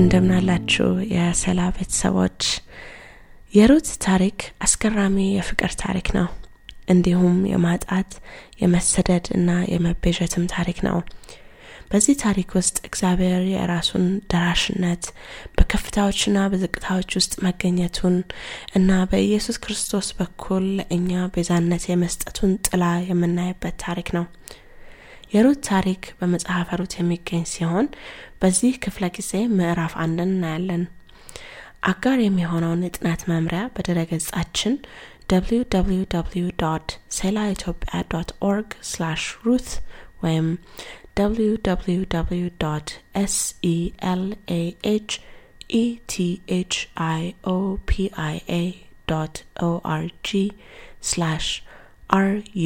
እንደምናላችሁ የሰላ ቤተሰቦች የሩት ታሪክ አስገራሚ የፍቅር ታሪክ ነው እንዲሁም የማጣት የመሰደድ እና የመቤዠትም ታሪክ ነው በዚህ ታሪክ ውስጥ እግዚአብሔር የራሱን ደራሽነት በከፍታዎችና በዝቅታዎች ውስጥ መገኘቱን እና በኢየሱስ ክርስቶስ በኩል ለእኛ ቤዛነት የመስጠቱን ጥላ የምናይበት ታሪክ ነው። የሩት ታሪክ በመጽሐፈ ሩት የሚገኝ ሲሆን በዚህ ክፍለ ጊዜ ምዕራፍ አንድን እናያለን። አጋር የሚሆነውን የጥናት መምሪያ በድረገጻችን www ሴላ ኢትዮጵያ ኦርግ ሩት ወይም www.selahetiopia.org slash ruth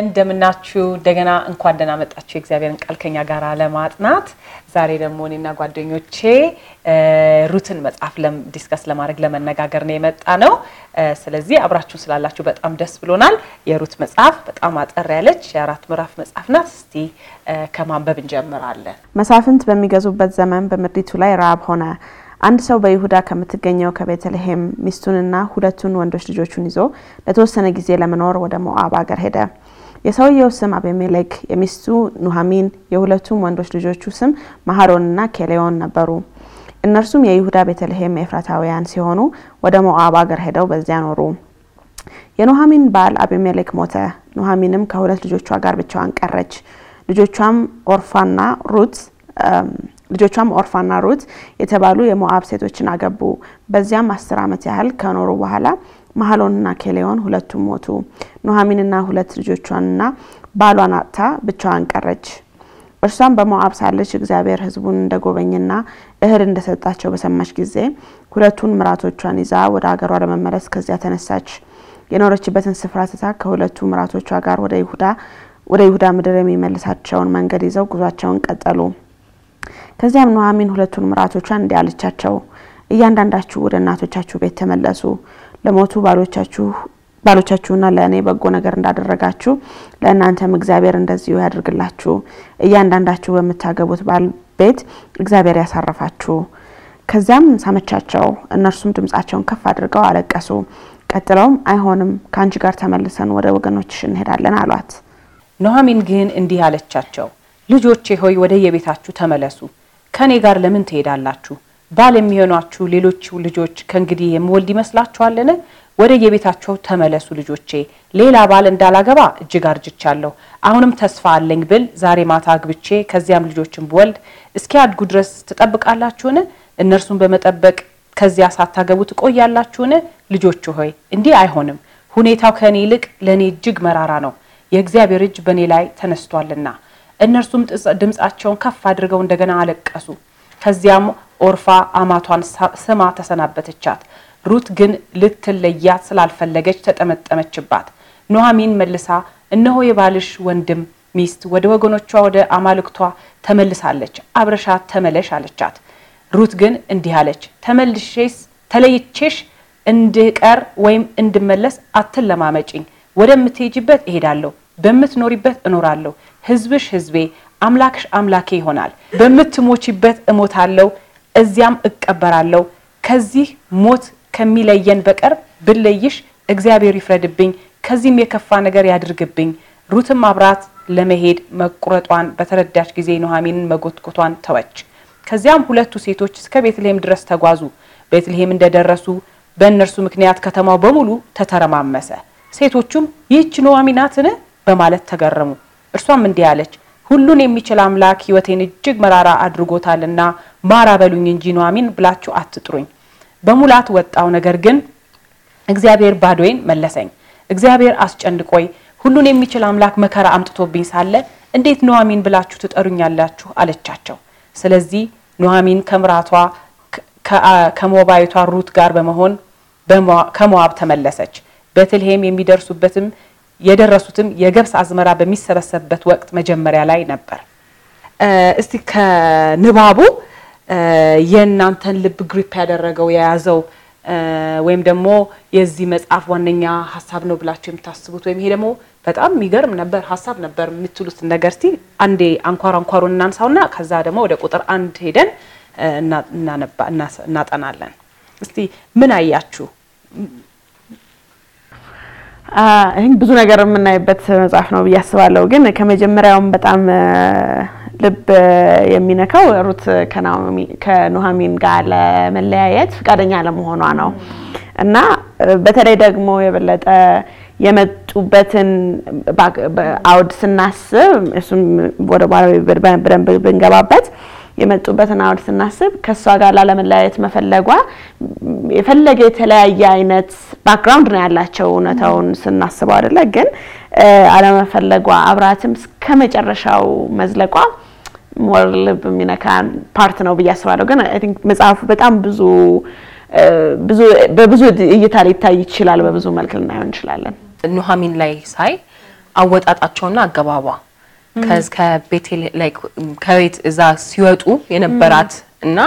እንደምናችሁ እንደገና እንኳን ደህና መጣችሁ። የእግዚአብሔርን ቃል ከኛ ጋር ለማጥናት ዛሬ ደግሞ እኔና ጓደኞቼ ሩትን መጽሐፍ ዲስከስ ለማድረግ ለመነጋገር ነው የመጣ ነው። ስለዚህ አብራችሁን ስላላችሁ በጣም ደስ ብሎናል። የሩት መጽሐፍ በጣም አጠር ያለች የአራት ምዕራፍ መጽሐፍ ናት። እስቲ ከማንበብ እንጀምራለን። መሳፍንት በሚገዙበት ዘመን በምድሪቱ ላይ ረሃብ ሆነ። አንድ ሰው በይሁዳ ከምትገኘው ከቤተልሔም ሚስቱንና ሁለቱን ወንዶች ልጆቹን ይዞ ለተወሰነ ጊዜ ለመኖር ወደ ሞአብ አገር ሄደ። የሰውየው ስም አቤሜሌክ፣ የሚስቱ ኑሃሚን፣ የሁለቱም ወንዶች ልጆቹ ስም ማሃሮንና ኬሌዮን ነበሩ። እነርሱም የይሁዳ ቤተልሔም ኤፍራታውያን ሲሆኑ ወደ ሞአብ አገር ሄደው በዚያ ኖሩ። የኑሃሚን ባል አቤሜሌክ ሞተ። ኑሃሚንም ከሁለት ልጆቿ ጋር ብቻዋን ቀረች። ልጆቿም ኦርፋና ሩት ልጆቿም ኦርፋና ሩት የተባሉ የሞአብ ሴቶችን አገቡ። በዚያም አስር ዓመት ያህል ከኖሩ በኋላ መሐሎንና ኬሌዮን ሁለቱም ሞቱ። ኑሐሚንና ሁለት ልጆቿንና ባሏን አጥታ ብቻዋን ቀረች። እርሷን በሞዓብ ሳለች እግዚአብሔር ሕዝቡን ጎበኝና እህል እንደሰጣቸው በሰማች ጊዜ ሁለቱን ምራቶቿን ይዛ ወደ አገሯ ለመመለስ ከዚያ ተነሳች። የኖረችበትን ስፍራ ትታ ከሁለቱ ምራቶቿ ጋር ወደ ይሁዳ ወደ ይሁዳ ምድር የሚመልሳቸውን መንገድ ይዘው ጉዟቸውን ቀጠሉ። ከዚያም ኑሐሚን ሁለቱን ምራቶቿን እንዲህ አለቻቸው፣ እያንዳንዳችሁ ወደ እናቶቻችሁ ቤት ተመለሱ ለሞቱ ባሎቻችሁ ባሎቻችሁና ለእኔ በጎ ነገር እንዳደረጋችሁ ለእናንተም እግዚአብሔር እንደዚሁ ያድርግላችሁ። እያንዳንዳችሁ በምታገቡት ባል ቤት እግዚአብሔር ያሳረፋችሁ። ከዚያም ሳመቻቸው፣ እነርሱም ድምጻቸውን ከፍ አድርገው አለቀሱ። ቀጥለውም አይሆንም፣ ከአንቺ ጋር ተመልሰን ወደ ወገኖችሽ እንሄዳለን አሏት። ኑኃሚን ግን እንዲህ አለቻቸው፣ ልጆቼ ሆይ ወደ የቤታችሁ ተመለሱ። ከእኔ ጋር ለምን ትሄዳላችሁ? ባል የሚሆኗችሁ ሌሎች ልጆች ከእንግዲህ የምወልድ ይመስላችኋልን? ወደ የቤታቸው ተመለሱ ልጆቼ። ሌላ ባል እንዳላገባ እጅግ አርጅቻለሁ። አሁንም ተስፋ አለኝ ብል ዛሬ ማታ አግብቼ ከዚያም ልጆችን ብወልድ እስኪያድጉ ድረስ ትጠብቃላችሁን? እነርሱን በመጠበቅ ከዚያ ሳታገቡ ትቆያላችሁን? ልጆች ሆይ እንዲህ አይሆንም። ሁኔታው ከእኔ ይልቅ ለእኔ እጅግ መራራ ነው፣ የእግዚአብሔር እጅ በእኔ ላይ ተነስቷልና። እነርሱም ድምፃቸውን ከፍ አድርገው እንደገና አለቀሱ። ከዚያም ኦርፋ አማቷን ስማ ተሰናበተቻት። ሩት ግን ልትለያት ስላልፈለገች ተጠመጠመችባት። ኖሃሚን መልሳ እነሆ የባልሽ ወንድም ሚስት ወደ ወገኖቿ ወደ አማልክቷ ተመልሳለች፣ አብረሻ ተመለሽ አለቻት። ሩት ግን እንዲህ አለች፣ ተመልሼስ ተለይቼሽ እንድቀር ወይም እንድመለስ አትለማመጭኝ። ወደምትሄጅበት እሄዳለሁ፣ በምትኖሪበት እኖራለሁ። ህዝብሽ ህዝቤ አምላክሽ አምላኬ ይሆናል። በምትሞችበት እሞታለሁ፣ እዚያም እቀበራለሁ። ከዚህ ሞት ከሚለየን በቀር ብለይሽ እግዚአብሔር ይፍረድብኝ፣ ከዚህም የከፋ ነገር ያድርግብኝ። ሩትም አብራት ለመሄድ መቁረጧን በተረዳች ጊዜ ኑኃሚንን መጎትኮቷን ተወች። ከዚያም ሁለቱ ሴቶች እስከ ቤትልሔም ድረስ ተጓዙ። ቤትልሔም እንደደረሱ በእነርሱ ምክንያት ከተማው በሙሉ ተተረማመሰ። ሴቶቹም ይህች ኑኃሚን ናትን በማለት ተገረሙ። እርሷም እንዲህ አለች፣ ሁሉን የሚችል አምላክ ህይወቴን እጅግ መራራ አድርጎታልና ማራ በሉኝ እንጂ ኑኃሚን ብላችሁ አትጥሩኝ። በሙላት ወጣው፣ ነገር ግን እግዚአብሔር ባዶዬን መለሰኝ። እግዚአብሔር አስጨንቆይ ሁሉን የሚችል አምላክ መከራ አምጥቶብኝ ሳለ እንዴት ኑኃሚን ብላችሁ ትጠሩኛላችሁ? አለቻቸው። ስለዚህ ኑኃሚን ከምራቷ ከሞባይቷ ሩት ጋር በመሆን ከሞአብ ተመለሰች። ቤተልሔም የሚደርሱበትም የደረሱትም የገብስ አዝመራ በሚሰበሰብበት ወቅት መጀመሪያ ላይ ነበር። እስቲ ከንባቡ የእናንተን ልብ ግሪፕ ያደረገው የያዘው ወይም ደግሞ የዚህ መጽሐፍ ዋነኛ ሀሳብ ነው ብላችሁ የምታስቡት ወይም ይሄ ደግሞ በጣም የሚገርም ነበር ሀሳብ ነበር የምትሉት ነገር እስቲ አንዴ አንኳር አንኳሩ እናንሳውና ከዛ ደግሞ ወደ ቁጥር አንድ ሄደን እናጠናለን። እስቲ ምን አያችሁ? ይህን ብዙ ነገር የምናይበት መጽሐፍ ነው ብዬ አስባለሁ። ግን ከመጀመሪያውም በጣም ልብ የሚነካው ሩት ከኑሃሚን ጋር ለመለያየት ፍቃደኛ ለመሆኗ ነው እና በተለይ ደግሞ የበለጠ የመጡበትን አውድ ስናስብ እሱም ወደ በኋላ በደንብ ብንገባበት የመጡበትን አውድ ስናስብ ከእሷ ጋር ላለመለያየት መፈለጓ የፈለገ የተለያየ አይነት ባክግራውንድ ነው ያላቸው እውነታውን ስናስበው አደለ ግን አለመፈለጓ አብራትም እስከ መጨረሻው መዝለቋ ሞር ልብ የሚነካ ፓርት ነው ብዬ አስባለሁ። ግን አይ ቲንክ መጽሐፉ በጣም ብዙ ብዙ በብዙ እይታ ሊታይ ይችላል። በብዙ መልክ ልናየው እንችላለን። ኑሐሚን ላይ ሳይ አወጣጣቸውና አገባቧ ከቤት እዛ ሲወጡ የነበራት እና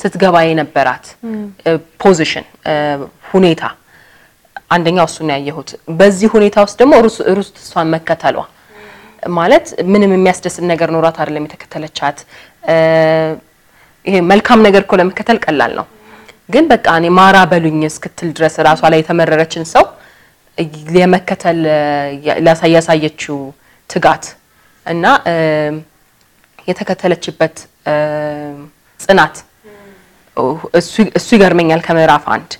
ስትገባ የነበራት ፖዚሽን ሁኔታ አንደኛው እሱን ያየሁት። በዚህ ሁኔታ ውስጥ ደግሞ ሩት እሷን መከተሏ ማለት ምንም የሚያስደስት ነገር ኖሯት አይደለም የተከተለቻት። ይሄ መልካም ነገር እኮ ለመከተል ቀላል ነው፣ ግን በቃ እኔ ማራ በሉኝ እስክትል ድረስ ራሷ ላይ የተመረረችን ሰው የመከተል ያሳየችው ትጋት እና የተከተለችበት ጽናት እሱ ይገርመኛል። ከምዕራፍ አንድ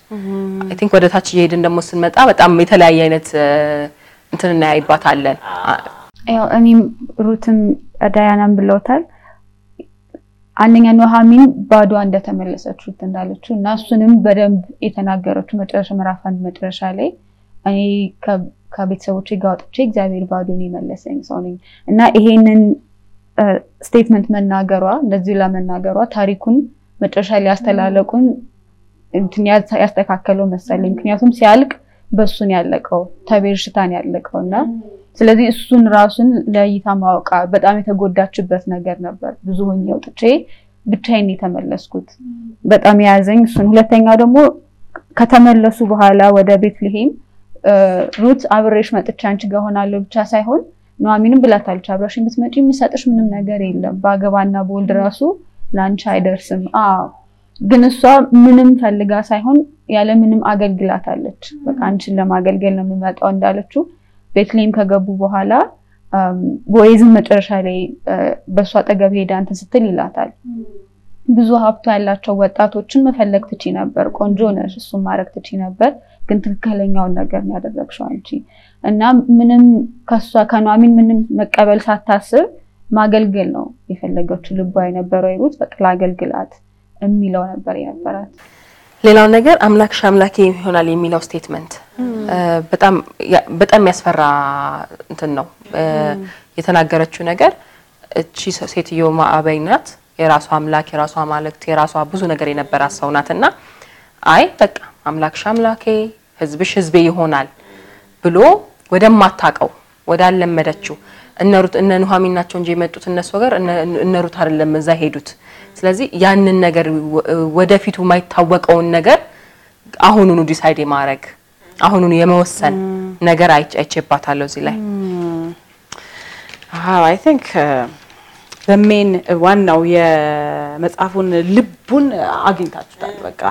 አይ ቲንክ ወደ ታች እየሄድን ደግሞ ስንመጣ በጣም የተለያየ አይነት እንትን እናያይባታለን። ያው እኔም ሩትም ዳያናም ብለውታል። አንደኛ ኑሃሚን ባዷ እንደተመለሰች ሩት እንዳለችው እና እሱንም በደንብ የተናገረችው መጨረሻ ምዕራፍ አንድ መጨረሻ ላይ እኔ ከቤተሰቦቼ ጋር ወጥቼ እግዚአብሔር ባዶን የመለሰኝ ሰው ነኝ እና ይሄንን ስቴትመንት መናገሯ እንደዚህ ለመናገሯ ታሪኩን መጨረሻ ሊያስተላለቁን ያስተላለቁን ያስተካከለው መሰለኝ። ምክንያቱም ሲያልቅ በእሱን ያለቀው ተቤርሽታን ያለቀው እና ስለዚህ እሱን ራሱን ለእይታ ማወቃ በጣም የተጎዳችበት ነገር ነበር። ብዙ ሆኜ ወጥቼ ብቻዬን የተመለስኩት በጣም የያዘኝ እሱን። ሁለተኛው ደግሞ ከተመለሱ በኋላ ወደ ቤትልሔም ሩት አብሬሽ መጥቻ አንቺ ጋር ሆናለሁ ብቻ ሳይሆን ኑሐሚንም ብላታለች፣ አብራሽ ብትመጪ የሚሰጥሽ ምንም ነገር የለም በአገባና በወልድ ራሱ ለአንቺ አይደርስም። ግን እሷ ምንም ፈልጋ ሳይሆን ያለ ምንም አገልግላታለች። በቃ አንቺን ለማገልገል ነው የምመጣው እንዳለችው ቤትሌም ከገቡ በኋላ ወይዝም መጨረሻ ላይ በእሷ አጠገብ ሄዳ እንትን ስትል ይላታል ብዙ ሀብት ያላቸው ወጣቶችን መፈለግ ትቺ ነበር። ቆንጆ ነሽ፣ እሱን ማድረግ ትቺ ነበር። ግን ትክክለኛውን ነገር ነው ያደረግሽው አንቺ እና ምንም ከሷ ከኗሚን ምንም መቀበል ሳታስብ ማገልገል ነው የፈለገችው። ልቧ የነበረው ይሩት በቃ ላገልግላት የሚለው ነበር የነበራት። ሌላው ነገር አምላክሽ አምላኬ ይሆናል የሚለው ስቴትመንት በጣም በጣም ያስፈራ እንትን ነው የተናገረችው ነገር። እቺ ሴትዮ ማዕበይ ናት። የራሷ አምላክ የራሷ አማልክት የራሷ ብዙ ነገር የነበራት ሰው ናት እና አይ በቃ አምላክሽ አምላኬ ህዝብሽ ህዝቤ ይሆናል ብሎ ወደማታቀው ወዳለመደችው እነሩት እነ ኑሐሚን ናቸው እንጂ የመጡት እነሱ ሀገር እነሩት አይደለም እዛ ሄዱት። ስለዚህ ያንን ነገር ወደፊቱ የማይታወቀውን ነገር አሁኑኑ ዲሳይድ የማድረግ አሁኑኑ የመወሰን ነገር አይቼባታለሁ እዚህ ላይ አይ ቲንክ በሜን ዋናው የመጽሐፉን ልቡን አግኝታችሁታል። በቃ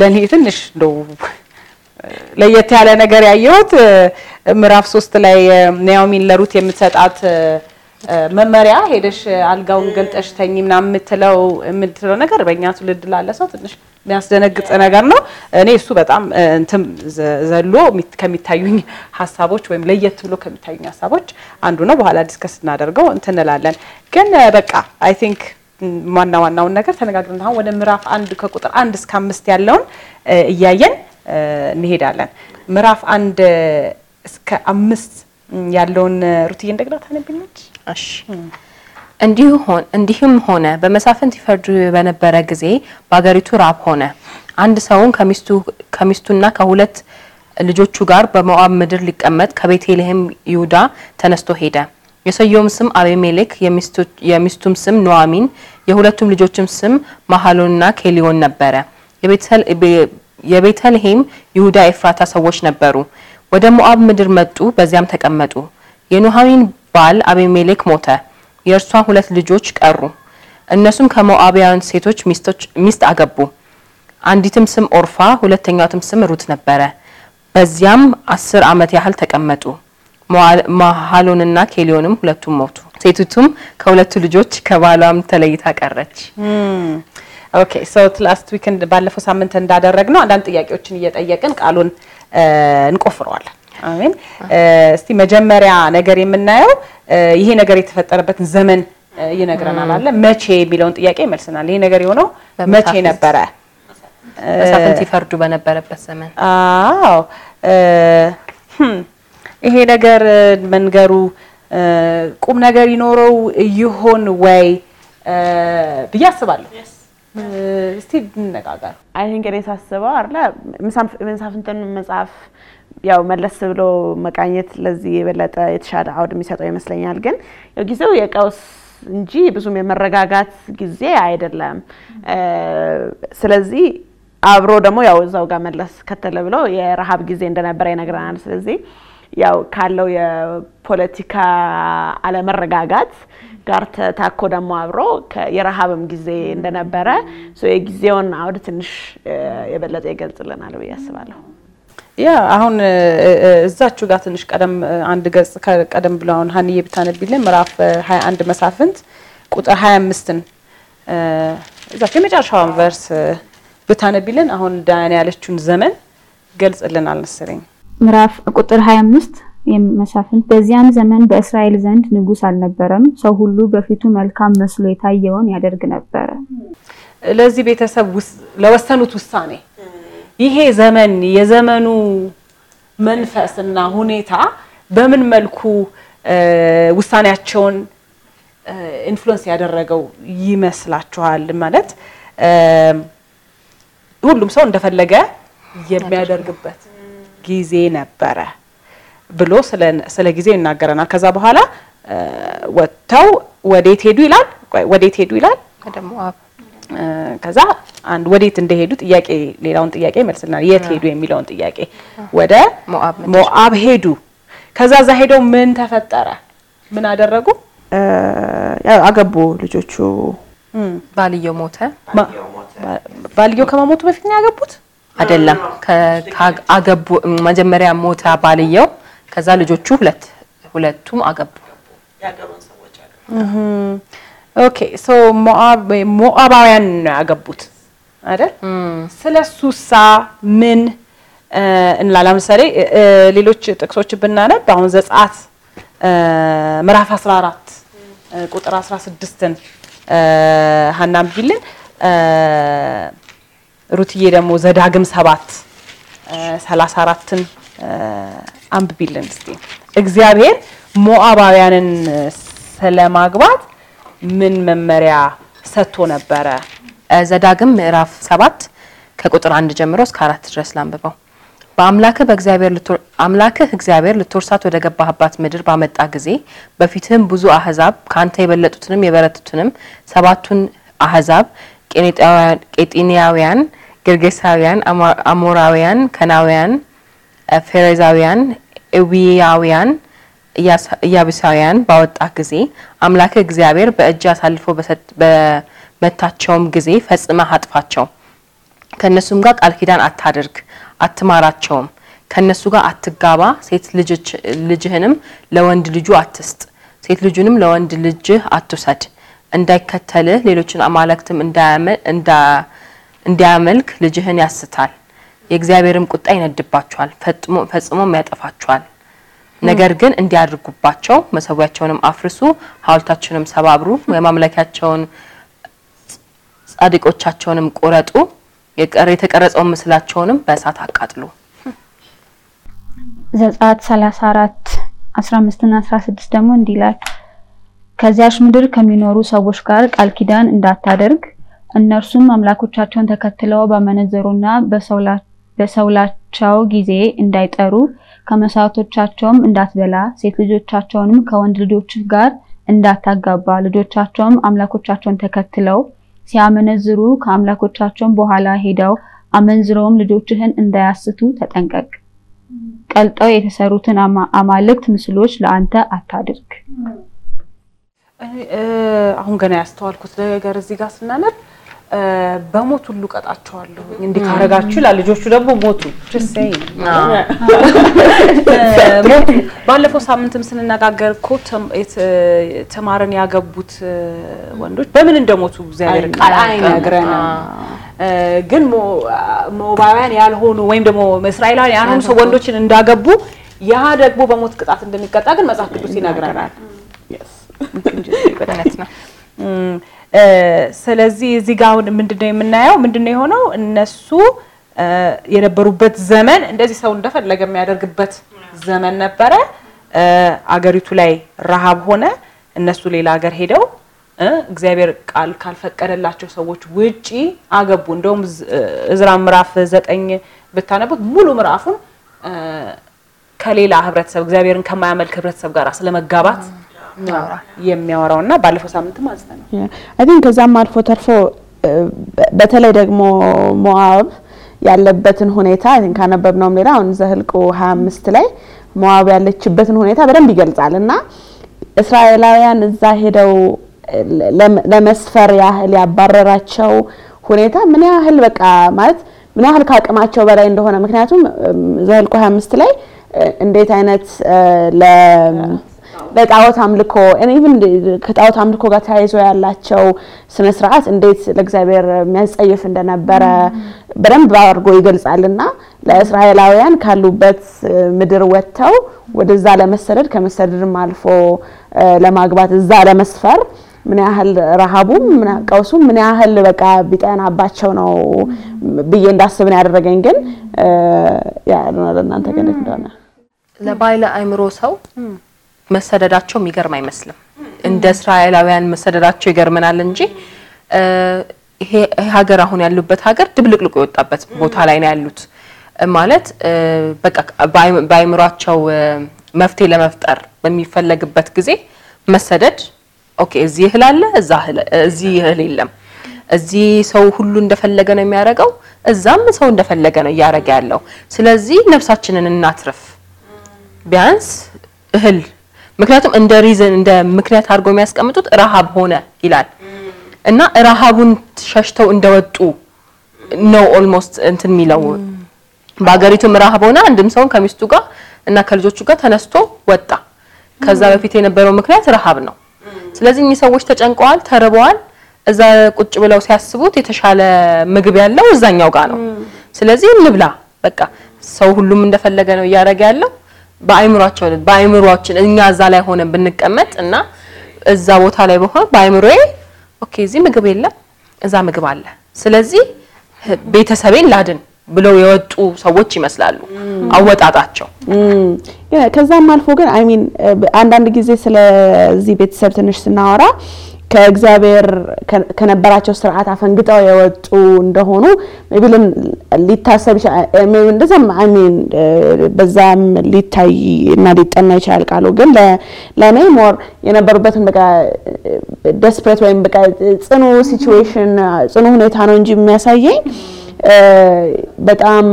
ለእኔ ትንሽ እንደው ለየት ያለ ነገር ያየሁት ምዕራፍ ሶስት ላይ ናኦሚን ለሩት የምትሰጣት መመሪያ ሄደሽ አልጋውን ገልጠሽ ተኝ ምናምን የምትለው የምትለው ነገር በእኛ ትውልድ ላለ ሰው ትንሽ የሚያስደነግጥ ነገር ነው። እኔ እሱ በጣም እንትም ዘሎ ከሚታዩኝ ሀሳቦች ወይም ለየት ብሎ ከሚታዩኝ ሀሳቦች አንዱ ነው። በኋላ ዲስከስ እናደርገው እንትንላለን። ግን በቃ አይ ቲንክ ዋና ዋናውን ነገር ተነጋግረን አሁን ወደ ምዕራፍ አንድ ከቁጥር አንድ እስከ አምስት ያለውን እያየን እንሄዳለን። ምዕራፍ አንድ እስከ አምስት ያለውን ሩትዬ እንደግዳ ታነብኛለች። እሺ እንዲህም ሆነ በመሳፍንት ይፈርዱ በነበረ ጊዜ በአገሪቱ ራብ ሆነ። አንድ ሰውን ከሚስቱ ከሚስቱና ከሁለት ልጆቹ ጋር በሞዓብ ምድር ሊቀመጥ ከቤተልሔም ይሁዳ ተነስቶ ሄደ። የሰውየውም ስም አቤሜሌክ፣ የሚስቱም ስም ኖዋሚን የሁለቱም ልጆችም ስም ማሃሎንና ኬሊዮን ነበረ። የቤተልሔም ይሁዳ ኤፍራታ ሰዎች ነበሩ። ወደ ሞዓብ ምድር መጡ፣ በዚያም ተቀመጡ። የኑሃሚን ባል አቤሜሌክ ሞተ፣ የእርሷ ሁለት ልጆች ቀሩ። እነሱም ከሞዓባውያን ሴቶች ሚስት አገቡ። አንዲትም ስም ኦርፋ፣ ሁለተኛትም ስም ሩት ነበረ። በዚያም አስር ዓመት ያህል ተቀመጡ። መሀሎንና ኬሊዮንም ሁለቱም ሞቱ። ሴቲቱም ከሁለቱ ልጆች ከባሏም ተለይታ ቀረች። ኦኬ ሶ ላስት ዊክ ባለፈው ሳምንት እንዳደረግ ነው አንዳንድ ጥያቄዎችን እየጠየቅን ቃሉን እንቆፍረዋለን። አሜን። እስቲ መጀመሪያ ነገር የምናየው ይሄ ነገር የተፈጠረበትን ዘመን ይነግረናል አለ መቼ የሚለውን ጥያቄ ይመልስናል። ይሄ ነገር የሆነው መቼ ነበረ? መሳፍንት ይፈርዱ በነበረበት ዘመን። አዎ hm፣ ይሄ ነገር መንገሩ ቁም ነገር ይኖረው ይሆን ወይ ብዬ አስባለሁ። እስቲ እንነጋገር። አይ ቲንክ እኔ ሳስበው አይደለ መሳፍንትን መጽሐፍ ያው መለስ ብሎ መቃኘት ለዚህ የበለጠ የተሻለ አውድ የሚሰጠው ይመስለኛል። ግን ጊዜው የቀውስ እንጂ ብዙም የመረጋጋት ጊዜ አይደለም። ስለዚህ አብሮ ደግሞ ያው እዛው ጋር መለስ ከተለ ብሎ የረሃብ ጊዜ እንደነበረ ይነግረናል። ስለዚህ ያው ካለው የፖለቲካ አለመረጋጋት ጋር ተታኮ ደግሞ አብሮ የረሃብም ጊዜ እንደነበረ የጊዜውን አውድ ትንሽ የበለጠ ይገልጽልናል ብዬ አስባለሁ። ያ አሁን እዛችሁ ጋር ትንሽ ቀደም አንድ ገጽ ቀደም ብሎ አሁን ሀንዬ ብታነቢልን ምዕራፍ 21 መሳፍንት ቁጥር 25ን እዛች የመጨረሻውን ቨርስ ብታነቢልን አሁን ዳያን ያለችውን ዘመን ገልጽልን መሰለኝ። ምዕራፍ ቁጥር 25 መሳፍንት በዚያም ዘመን በእስራኤል ዘንድ ንጉስ አልነበረም፣ ሰው ሁሉ በፊቱ መልካም መስሎ የታየውን ያደርግ ነበረ። ለዚህ ቤተሰብ ለወሰኑት ውሳኔ ይሄ ዘመን የዘመኑ መንፈስና ሁኔታ በምን መልኩ ውሳኔያቸውን ኢንፍሉዌንስ ያደረገው ይመስላችኋል? ማለት ሁሉም ሰው እንደፈለገ የሚያደርግበት ጊዜ ነበረ ብሎ ስለ ጊዜ ይናገረናል። ከዛ በኋላ ወጥተው ወዴት ሄዱ ይላል፣ ወዴት ሄዱ ይላል ከዛ አንድ ወዴት እንደሄዱ ጥያቄ ሌላውን ጥያቄ መልስልናል። የት ሄዱ የሚለውን ጥያቄ ወደ ሞአብ ሄዱ። ከዛ ዛ ሄደው ምን ተፈጠረ? ምን አደረጉ? አገቡ። ልጆቹ ባልየው ሞተ። ባልየው ከመሞቱ በፊት ነው ያገቡት አይደለም? አገቡ። መጀመሪያ ሞተ ባልየው፣ ከዛ ልጆቹ ሁለት ሁለቱም አገቡ። ኦኬ ሶ ሞአባውያን ነው ያገቡት አይደል? ስለ ሱሳ ምን እንላለን? ለምሳሌ ሌሎች ጥቅሶች ብናነብ አሁን ዘጸአት ምዕራፍ 14 ቁጥር 16ን ሀናም ቢልን ሩትዬ ደግሞ ዘዳግም 7 34ን አንብቢልን እስቲ። እግዚአብሔር ሞአባውያንን ስለማግባት ምን መመሪያ ሰጥቶ ነበረ? ዘዳግም ምዕራፍ ሰባት ከቁጥር አንድ ጀምሮ እስከ አራት ድረስ ላንብበው። በአምላክህ በእግዚአብሔር አምላክህ እግዚአብሔር ልትወርሳት ወደ ገባህባት ምድር ባመጣ ጊዜ በፊትህም ብዙ አህዛብ ከአንተ የበለጡትንም የበረቱትንም ሰባቱን አህዛብ ቄጢናውያን፣ ጌርጌሳውያን፣ አሞራውያን፣ ከናውያን፣ ፌሬዛውያን፣ ኤዊያውያን ኢያቡሳውያን ባወጣ ጊዜ አምላክ እግዚአብሔር በእጅ አሳልፎ በመታቸውም ጊዜ ፈጽመህ አጥፋቸው። ከእነሱም ጋር ቃል ኪዳን አታድርግ፣ አትማራቸውም። ከእነሱ ጋር አትጋባ። ሴት ልጅህንም ለወንድ ልጁ አትስጥ፣ ሴት ልጁንም ለወንድ ልጅህ አትውሰድ። እንዳይከተልህ ሌሎችን አማልክትም እንዲያመልክ ልጅህን ያስታል፣ የእግዚአብሔርም ቁጣ ይነድባቸዋል፣ ፈጽሞም ያጠፋቸዋል። ነገር ግን እንዲያድርጉባቸው መሰዊያቸውንም አፍርሱ፣ ሐውልታቸውንም ሰባብሩ፣ የማምለኪያቸውን ጻድቆቻቸውንም ቆረጡ፣ የተቀረጸውን ምስላቸውንም በእሳት አቃጥሉ። ዘጸአት 34 15 እና 16 ደግሞ እንዲህ ይላል፣ ከዚያች ምድር ከሚኖሩ ሰዎች ጋር ቃል ኪዳን እንዳታደርግ እነርሱም አምላኮቻቸውን ተከትለው በመነዘሩና በሰውላ በሰውላቸው ጊዜ እንዳይጠሩ ከመሳቶቻቸውም እንዳትበላ ሴት ልጆቻቸውንም ከወንድ ልጆች ጋር እንዳታጋባ ልጆቻቸውም አምላኮቻቸውን ተከትለው ሲያመነዝሩ ከአምላኮቻቸውም በኋላ ሄደው አመንዝረውም ልጆችህን እንዳያስቱ ተጠንቀቅ። ቀልጠው የተሰሩትን አማልክት ምስሎች ለአንተ አታድርግ። አሁን ገና ያስተዋልኩት ነገር እዚህ ጋር ስናነብ በሞት ሁሉ ቀጣቸዋለሁ እንዲህ ካረጋችሁ ይላል። ልጆቹ ደግሞ ሞቱ። ባለፈው ሳምንትም ስንነጋገር እኮ ትማርን ያገቡት ወንዶች በምን እንደሞቱ እግዚአብሔር ቃል አይነግረንም። ግን ሞባውያን ያልሆኑ ወይም ደግሞ እስራኤላውያን ያልሆኑ ሰው ወንዶችን እንዳገቡ ያ ደግሞ በሞት ቅጣት እንደሚቀጣ ግን መጽሐፍ ቅዱስ ይነግረናል። ስለዚህ እዚህ ጋር አሁን ምንድነው የምናየው? ምንድነው የሆነው? እነሱ የነበሩበት ዘመን እንደዚህ ሰው እንደፈለገ የሚያደርግበት ዘመን ነበረ። አገሪቱ ላይ ረሃብ ሆነ። እነሱ ሌላ ሀገር ሄደው እግዚአብሔር ቃል ካልፈቀደላቸው ሰዎች ውጪ አገቡ። እንደውም እዝራ ምዕራፍ ዘጠኝ ብታነቡት ሙሉ ምዕራፉን ከሌላ ህብረተሰብ እግዚአብሔርን ከማያመልክ ህብረተሰብ ጋር ስለመጋባት የሚያወራው እና ባለፈው ሳምንትም አንስተ ነው ከዛም አልፎ ተርፎ በተለይ ደግሞ ሞአብ ያለበትን ሁኔታ ካነበብነውም ሌላ አሁን ዘኍልቍ 25 ላይ ሞአብ ያለችበትን ሁኔታ በደንብ ይገልጻል እና እስራኤላውያን እዛ ሄደው ለመስፈር ያህል ያባረራቸው ሁኔታ ምን ያህል በቃ ማለት ምን ያህል ከአቅማቸው በላይ እንደሆነ ምክንያቱም ዘኍልቍ 25 ላይ እንዴት አይነት በጣዖት አምልኮ ኢቭን ከጣዖት አምልኮ ጋር ተያይዞ ያላቸው ስነ ስርዓት እንዴት ለእግዚአብሔር የሚያስጸይፍ እንደነበረ mm-hmm. በደንብ አድርጎ ይገልጻልና ለእስራኤላውያን ካሉበት uh, ምድር ወጥተው ወደዛ ለመሰደድ ከመሰደድም አልፎ uh, ለማግባት እዛ ለመስፈር ምን ያህል ረሃቡም ቀውሱም ምን ያህል በቃ ቢጠናባቸው ነው mm-hmm. ብዬ እንዳስብን ያደረገኝ ግን uh, ያ እናንተ ገነት mm-hmm. እንደሆነ ለባይለ አይምሮ ሰው mm. መሰደዳቸው የሚገርም አይመስልም። እንደ እስራኤላውያን መሰደዳቸው ይገርመናል እንጂ ይሄ ሀገር አሁን ያሉበት ሀገር ድብልቅልቁ የወጣበት ቦታ ላይ ነው ያሉት። ማለት በቃ በአይምሯቸው መፍትሄ ለመፍጠር በሚፈለግበት ጊዜ መሰደድ ኦኬ፣ እዚህ እህል አለ፣ እዚህ እህል የለም፣ እዚህ ሰው ሁሉ እንደፈለገ ነው የሚያደርገው፣ እዛም ሰው እንደፈለገ ነው እያደረገ ያለው። ስለዚህ ነፍሳችንን እናትርፍ ቢያንስ እህል ምክንያቱም እንደ ሪዝን እንደ ምክንያት አድርጎ የሚያስቀምጡት ረሃብ ሆነ ይላል እና ረሃቡን ሸሽተው እንደወጡ ነው ኦልሞስት እንትን የሚለው በሀገሪቱም ረሃብ ሆነ አንድም ሰውን ከሚስቱ ጋር እና ከልጆቹ ጋር ተነስቶ ወጣ። ከዛ በፊት የነበረው ምክንያት ረሃብ ነው። ስለዚህ እኚህ ሰዎች ተጨንቀዋል፣ ተርበዋል። እዛ ቁጭ ብለው ሲያስቡት የተሻለ ምግብ ያለው እዛኛው ጋር ነው። ስለዚህ እንብላ፣ በቃ ሰው ሁሉም እንደፈለገ ነው እያደረገ ያለው በአይምሯቸው በአይምሯችን እኛ እዛ ላይ ሆነን ብንቀመጥ እና እዛ ቦታ ላይ በሆነ በአይምሮዬ ኦኬ፣ እዚህ ምግብ የለም፣ እዛ ምግብ አለ፣ ስለዚህ ቤተሰቤን ላድን ብለው የወጡ ሰዎች ይመስላሉ አወጣጣቸው። ከዛም አልፎ ግን አይ ሚን አንዳንድ ጊዜ ስለዚህ ቤተሰብ ትንሽ ስናወራ ከእግዚአብሔር ከነበራቸው ስርዓት አፈንግጠው የወጡ እንደሆኑ ቢልም ሊታሰብ ይችላል። እንደዛም አሚን በዛም ሊታይ እና ሊጠና ይችላል። ቃሉ ግን ለእኔ ሞር የነበሩበትን በቃ ደስፕሬት ወይም በቃ ጽኑ ሲቹዌሽን ጽኑ ሁኔታ ነው እንጂ የሚያሳየኝ በጣም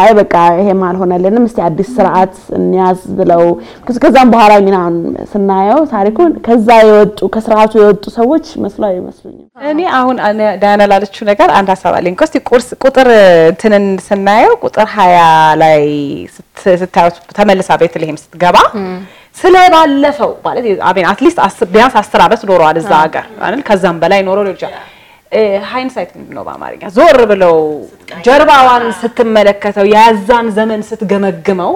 አይ በቃ ይሄም አልሆነልንም፣ እስቲ አዲስ ስርዓት እንያዝ ብለው ከዛም በኋላ ሚናን ስናየው ታሪኩን ከዛ የወጡ ከስርዓቱ የወጡ ሰዎች መስሎ አይመስሉኝም። እኔ አሁን ዳያና ላለችው ነገር አንድ ሀሳብ አለኝ። እስቲ ቁጥር እንትንን ስናየው ቁጥር ሀያ ላይ ስታዩት ተመልሳ ቤተልሔም ስትገባ ስለ ማለት አትሊስት ቢያንስ አስር ዓመት ኖረዋል እዛ ሀገር ከዛም በላይ ኖሮ ሊሆን ይችላል ሃይንሳይት ምንድን ነው በአማርኛ? ዞር ብለው ጀርባዋን ስትመለከተው ያዛን ዘመን ስትገመግመው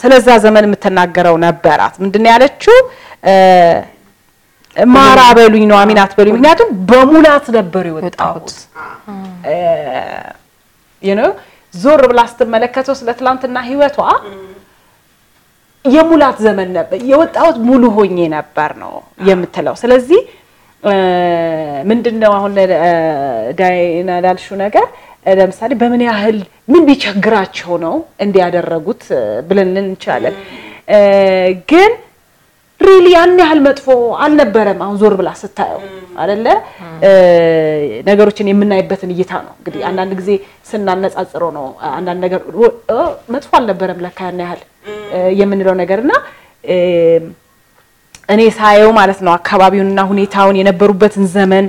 ስለዛ ዘመን የምትናገረው ነበራት። ምንድን ነው ያለችው? ማራ በሉኝ ነው አሚናት በሉኝ። ምክንያቱም በሙላት ነበር የወጣሁት። ዞር ብላ ስትመለከተው ስለ ትላንትና ህይወቷ የሙላት ዘመን ነበር የወጣሁት ሙሉ ሆኜ ነበር ነው የምትለው። ስለዚህ ምንድን ነው አሁን ዳይና ላልሹ ነገር ለምሳሌ በምን ያህል ምን ቢቸግራቸው ነው እንዲያደረጉት ብለን እንችላለን። ግን ሪሊ ያን ያህል መጥፎ አልነበረም። አሁን ዞር ብላ ስታየው አደለ ነገሮችን የምናይበትን እይታ ነው። እንግዲህ አንዳንድ ጊዜ ስናነጻጽረው ነው አንዳንድ ነገር መጥፎ አልነበረም ለካ ያን ያህል የምንለው ነገር እና እኔ ሳየው ማለት ነው አካባቢውንና ሁኔታውን የነበሩበትን ዘመን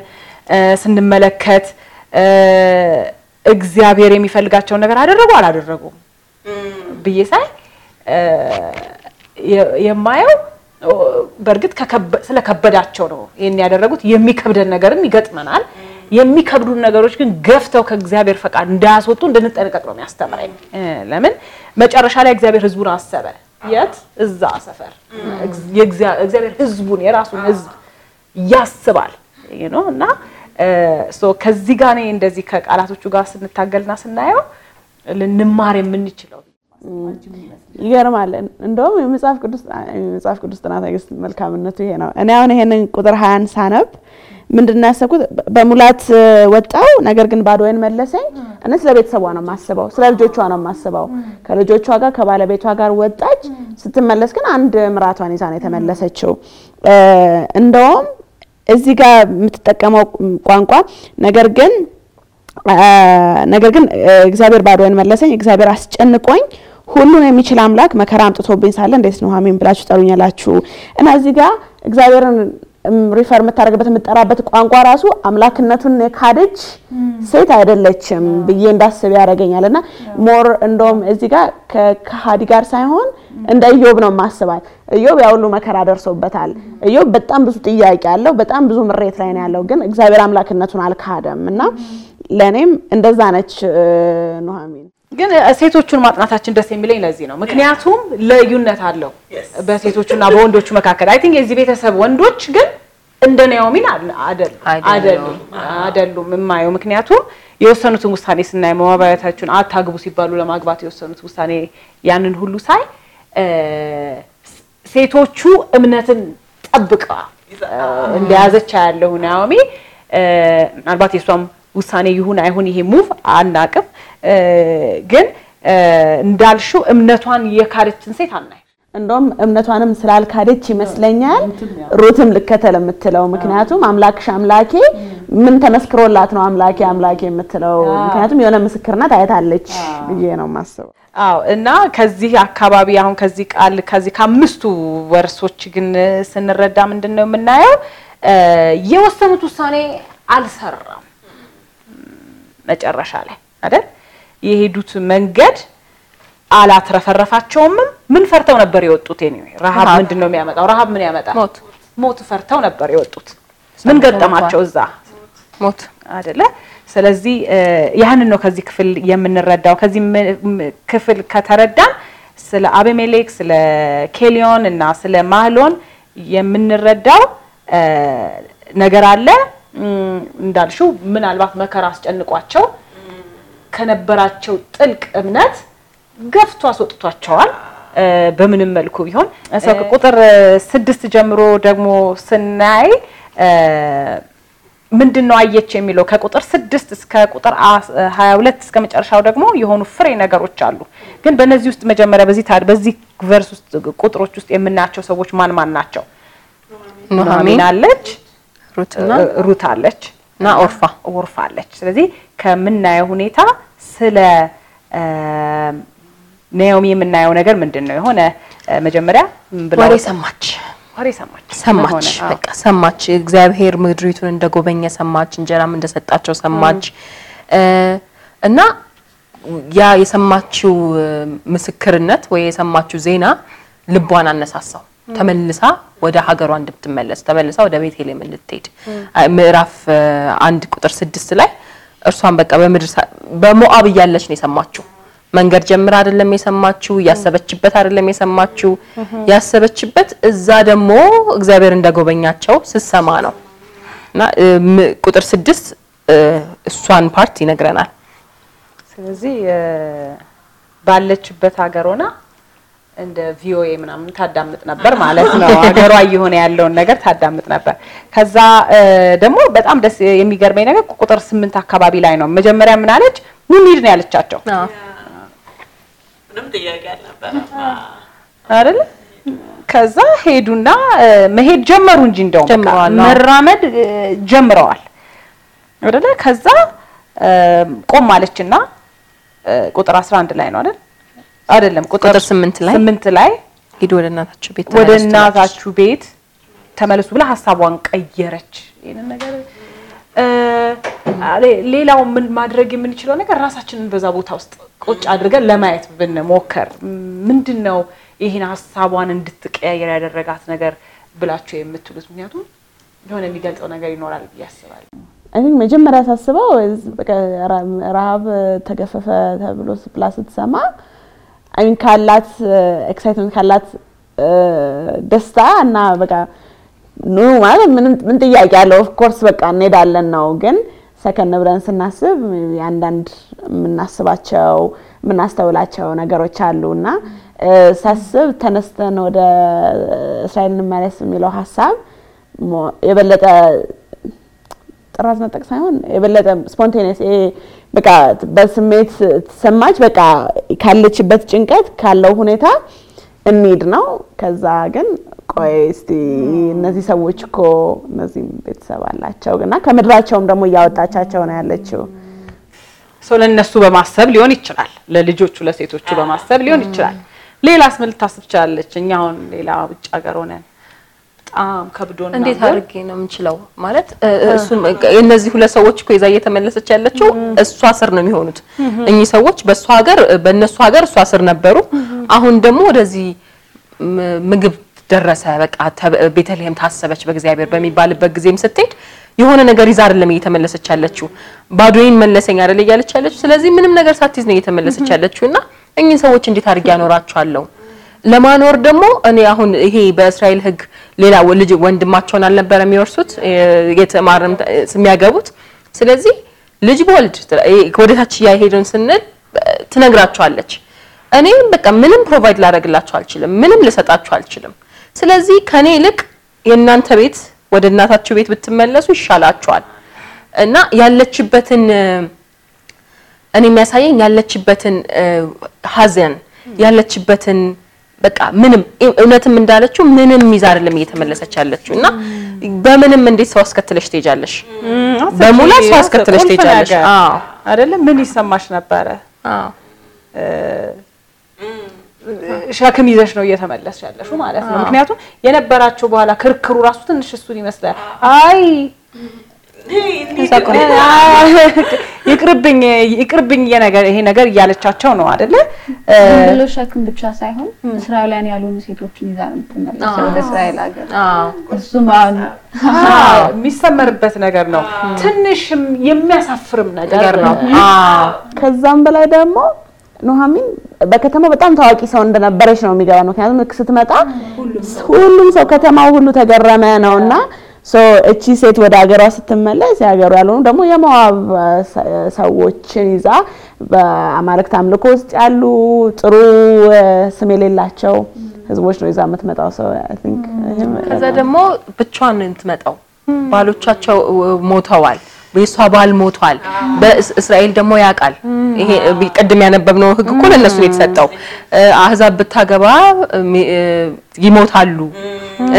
ስንመለከት እግዚአብሔር የሚፈልጋቸውን ነገር አደረጉ አላደረጉም ብዬ ሳይ የማየው በእርግጥ ስለከበዳቸው ነው ይህን ያደረጉት። የሚከብደን ነገርም ይገጥመናል። የሚከብዱን ነገሮች ግን ገፍተው ከእግዚአብሔር ፈቃድ እንዳያስወጡ እንድንጠነቀቅ ነው የሚያስተምረኝ። ለምን መጨረሻ ላይ እግዚአብሔር ሕዝቡን አሰበ። የት እዛ ሰፈር የእግዚአብሔር ህዝቡን የራሱን ህዝብ ያስባል ነው እና ከዚህ ጋር እኔ እንደዚህ ከቃላቶቹ ጋር ስንታገልና ስናየው ልንማር የምንችለው ይገርማል። እንደውም የመጽሐፍ ቅዱስ ጥናት መልካምነቱ ይሄ ነው። እኔ አሁን ይሄንን ቁጥር ሀያን ሳነብ ምንድን ነው ያሰብኩት? በሙላት ወጣው፣ ነገር ግን ባዶዬን መለሰኝ። እኔ ስለ ቤተሰቧ ነው የማስበው፣ ስለ ልጆቿ ነው የማስበው። ከልጆቿ ጋር ከባለቤቷ ጋር ወጣች። ስትመለስ ግን አንድ ምራቷን ይዛ ነው የተመለሰችው። እንደውም እዚህ ጋር የምትጠቀመው ቋንቋ ነገር ግን ነገር ግን እግዚአብሔር ባዶዬን መለሰኝ፣ እግዚአብሔር አስጨንቆኝ ሁሉን የሚችል አምላክ መከራ አምጥቶብኝ ሳለ እንዴት ኑሃሚን ብላችሁ ጠሩኛላችሁ እና እዚህ ጋር እግዚአብሔርን ሪፈር የምታደርግበት የምጠራበት ቋንቋ ራሱ አምላክነቱን የካደች ሴት አይደለችም ብዬ እንዳስብ ያደርገኛል። እና ሞር እንደውም እዚህ ጋር ከሀዲ ጋር ሳይሆን እንደ ኢዮብ ነው የማስባት። ኢዮብ ያ ሁሉ መከራ ደርሶበታል። ኢዮብ በጣም ብዙ ጥያቄ አለው፣ በጣም ብዙ ምሬት ላይ ነው ያለው። ግን እግዚአብሔር አምላክነቱን አልካደም እና ለእኔም እንደዛ ነች ኑሐሚን። ግን ሴቶቹን ማጥናታችን ደስ የሚለኝ ለዚህ ነው። ምክንያቱም ልዩነት አለው በሴቶቹና በወንዶቹ መካከል። አይ ቲንክ የዚህ ቤተሰብ ወንዶች ግን እንደ ናኦሚን አይደሉም የማየው። ምክንያቱም የወሰኑትን ውሳኔ ስናይ መባባያታችን አታግቡ ሲባሉ ለማግባት የወሰኑት ውሳኔ ያንን ሁሉ ሳይ ሴቶቹ እምነትን ጠብቃ እንደያዘች ያለሁ ናኦሚ ምናልባት የእሷም ውሳኔ ይሁን አይሁን ይሄ ሙቭ አናቅም፣ ግን እንዳልሽው እምነቷን የካደችን ሴት አናይ። እንደውም እምነቷንም ስላልካደች ይመስለኛል ሩትም ልከተል የምትለው ምክንያቱም አምላክሽ አምላኬ ምን ተመስክሮላት ነው አምላኬ አምላኬ የምትለው? ምክንያቱም የሆነ ምስክርነት አይታለች ብዬ ነው የማስበው። አዎ እና ከዚህ አካባቢ አሁን ከዚህ ቃል ከዚህ ከአምስቱ ወርሶች ግን ስንረዳ ምንድን ነው የምናየው የወሰኑት ውሳኔ አልሰራም። መጨረሻ ላይ አይደል? የሄዱት መንገድ አላትረፈረፋቸውም። ምን ፈርተው ነበር የወጡት? ኤኒዌይ ረሃብ ምንድነው የሚያመጣው? ረሃብ ምን ያመጣል? ሞት። ሞት ፈርተው ነበር የወጡት። ምን ገጠማቸው እዛ? ሞት አይደለ? ስለዚህ ያህንን ነው ከዚህ ክፍል የምንረዳው። ከዚህ ክፍል ከተረዳን ስለ አቤሜሌክ ስለ ኬሊዮን እና ስለ ማህሎን የምንረዳው ነገር አለ። እንዳልሽው ምናልባት መከራ አስጨንቋቸው ከነበራቸው ጥልቅ እምነት ገፍቶ አስወጥቷቸዋል። በምንም መልኩ ቢሆን ሰው ከቁጥር ስድስት ጀምሮ ደግሞ ስናይ ምንድን ነው አየች የሚለው ከቁጥር ስድስት እስከ ቁጥር ሀያ ሁለት እስከ መጨረሻው ደግሞ የሆኑ ፍሬ ነገሮች አሉ። ግን በእነዚህ ውስጥ መጀመሪያ በዚህ ታ በዚህ ቨርስ ውስጥ ቁጥሮች ውስጥ የምናያቸው ሰዎች ማን ማን ናቸው? ኑኃሚን አለች ሩት አለች እና ኦርፋ ኦርፋ አለች። ስለዚህ ከምናየው ሁኔታ ስለ ናኦሚ የምናየው ነገር ምንድን ነው? የሆነ መጀመሪያ ወሬ ሰማች ወሬ ሰማች ሰማች በቃ ሰማች። እግዚአብሔር ምድሪቱን እንደጎበኘ ሰማች፣ እንጀራም እንደሰጣቸው ሰማች። እና ያ የሰማችው ምስክርነት ወይ የሰማችው ዜና ልቧን አነሳሳው። ተመልሳ ወደ ሀገሯ እንድትመለስ ተመልሳ ወደ ቤተልሔም እንድትሄድ ምዕራፍ አንድ ቁጥር ስድስት ላይ እርሷን በቃ በምድር በሞአብ እያለች ነው የሰማችው። መንገድ ጀምር አይደለም የሰማችው፣ ያሰበችበት አይደለም የሰማችው። ያሰበችበት እዛ ደግሞ እግዚአብሔር እንደጎበኛቸው ስትሰማ ነው። እና ቁጥር ስድስት እሷን ፓርት ይነግረናል። ስለዚህ ባለችበት ሀገር ሆና እንደ ቪኦኤ ምናምን ታዳምጥ ነበር ማለት ነው። ሀገሯ እየሆነ ያለውን ነገር ታዳምጥ ነበር። ከዛ ደግሞ በጣም ደስ የሚገርመኝ ነገር ቁጥር ስምንት አካባቢ ላይ ነው መጀመሪያ ምን አለች? ምን ሂድ ነው ያለቻቸው ምንም ጥያቄ አይደል? ከዛ ሄዱና መሄድ ጀመሩ እንጂ እንደውም መራመድ ጀምረዋል አይደለ? ከዛ ቆም አለችና ቁጥር 11 ላይ ነው አይደል? አይደለም ቁጥር ስምንት ላይ ስምንት ላይ ሂድ ወደ እናታችሁ ቤት ወደ እናታችሁ ቤት ተመለሱ ብላ ሀሳቧን ቀየረች። ይሄንን ነገር ሌላው ምን ማድረግ የምንችለው ነገር ራሳችንን በዛ ቦታ ውስጥ ቁጭ አድርገን ለማየት ብንሞከር ምንድን ነው ይህን ሀሳቧን እንድትቀያየር ያደረጋት ነገር ብላችሁ የምትሉት? ምክንያቱም የሆነ የሚገልጸው ነገር ይኖራል ብዬ አስባለሁ። አይ ቲንክ መጀመሪያ ሳስበው ረሀብ ተገፈፈ ተብሎ ስብላ ስትሰማ አይን ካላት ኤክሳይትመንት uh, ካላት uh, ደስታ እና በቃ ኑ ማለት ምን ጥያቄ አለው? ኦፍ ኮርስ በቃ እንሄዳለን ነው። ግን ሰከን ብለን ስናስብ አንዳንድ የምናስባቸው የምናስተውላቸው ነገሮች አሉ እና uh, ሳስብ ተነስተን ወደ እስራኤል እንመለስ የሚለው ሀሳብ የበለጠ ጥራት መጠቅ ሳይሆን የበለጠ ስፖንቴኒየስ በቃ በስሜት ተሰማች። በቃ ካለችበት ጭንቀት ካለው ሁኔታ እንሂድ ነው። ከዛ ግን ቆይ እስቲ እነዚህ ሰዎች እኮ እነዚህም ቤተሰብ አላቸው እና ከምድራቸውም ደግሞ እያወጣቻቸው ነው ያለችው። ሰው ለእነሱ በማሰብ ሊሆን ይችላል፣ ለልጆቹ ለሴቶቹ በማሰብ ሊሆን ይችላል። ሌላስ ምን ልታስብ ትችላለች? እኛ አሁን ሌላ ውጭ ሀገር ሆነን በጣም ከብዶ ነው። እንዴት አድርጌ ነው የምችለው ማለት እሱን እነዚህ ሁለት ሰዎች እኮ ይዛ እየተመለሰች ያለችው እሷ ስር ነው የሚሆኑት እኚህ ሰዎች በእሷ ሀገር በእነሱ ሀገር እሷ ስር ነበሩ። አሁን ደግሞ ወደዚህ ምግብ ደረሰ በቃ ቤተልሔም ታሰበች በእግዚአብሔር በሚባልበት ጊዜም ስትሄድ የሆነ ነገር ይዛ አይደለም እየተመለሰች ያለችው። ባዶይን መለሰኝ አይደል እያለች ያለችው። ስለዚህ ምንም ነገር ሳትይዝ ነው እየተመለሰች ያለችው እና እኚህ ሰዎች እንዴት አድርጌ አኖራቸዋለሁ ለማኖር ደግሞ እኔ አሁን ይሄ በእስራኤል ህግ ሌላ ልጅ ወንድማቸውን አልነበረ የሚወርሱት የተማረም የሚያገቡት። ስለዚህ ልጅ በወልድ ወደታች እያሄድን ስንል ትነግራቸዋለች። እኔ በቃ ምንም ፕሮቫይድ ላደረግላቸው አልችልም፣ ምንም ልሰጣቸው አልችልም። ስለዚህ ከኔ ይልቅ የእናንተ ቤት ወደ እናታችሁ ቤት ብትመለሱ ይሻላችኋል እና ያለችበትን እኔ የሚያሳየኝ ያለችበትን ሀዘን ያለችበትን በቃ ምንም እውነትም እንዳለችው ምንም ይዛ አይደለም እየተመለሰች ያለችው እና በምንም እንዴት ሰው አስከትለሽ ትሄጃለሽ? በሙላ ሰው አስከትለሽ ትሄጃለሽ? አዎ አይደለም። ምን ይሰማሽ ነበረ? አዎ ሸክም ይዘሽ ነው እየተመለስሽ ያለሽው ማለት ነው። ምክንያቱም የነበራቸው በኋላ ክርክሩ ራሱ ትንሽ እሱን ይመስላል። አይ ይቅርብኝ ይቅርብኝ ይሄ ነገር እያለቻቸው ነው አይደለ? ብሎ ሸክም ብቻ ሳይሆን እስራኤላውያን ያልሆኑ ሴቶችን ይዛ ነው የምትመለሰው ወደ እስራኤል ሀገር። እሱም የሚሰመርበት ነገር ነው። ትንሽም የሚያሳፍርም ነገር ነው። ከዛም በላይ ደግሞ ኑሐሚን በከተማው በጣም ታዋቂ ሰው እንደነበረች ነው የሚገባ። ምክንያቱም ስትመጣ ሁሉም ሰው ከተማው ሁሉ ተገረመ ነውና እቺ ሴት ወደ ሀገሯ ስትመለስ የሀገሯ ያልሆኑ ደግሞ የሞአብ ሰዎችን ይዛ በአማልክት አምልኮ ውስጥ ያሉ ጥሩ ስም የሌላቸው ህዝቦች ነው ይዛ የምትመጣው። ሰው ከዛ ደግሞ ብቻዋን ነው የምትመጣው። ባሎቻቸው ሞተዋል። የእሷ ባል ሞቷል። በእስራኤል ደግሞ ያውቃል። ይሄ ቅድም ያነበብነው ህግ እኮ ለእነሱ ነው የተሰጠው። አህዛብ ብታገባ ይሞታሉ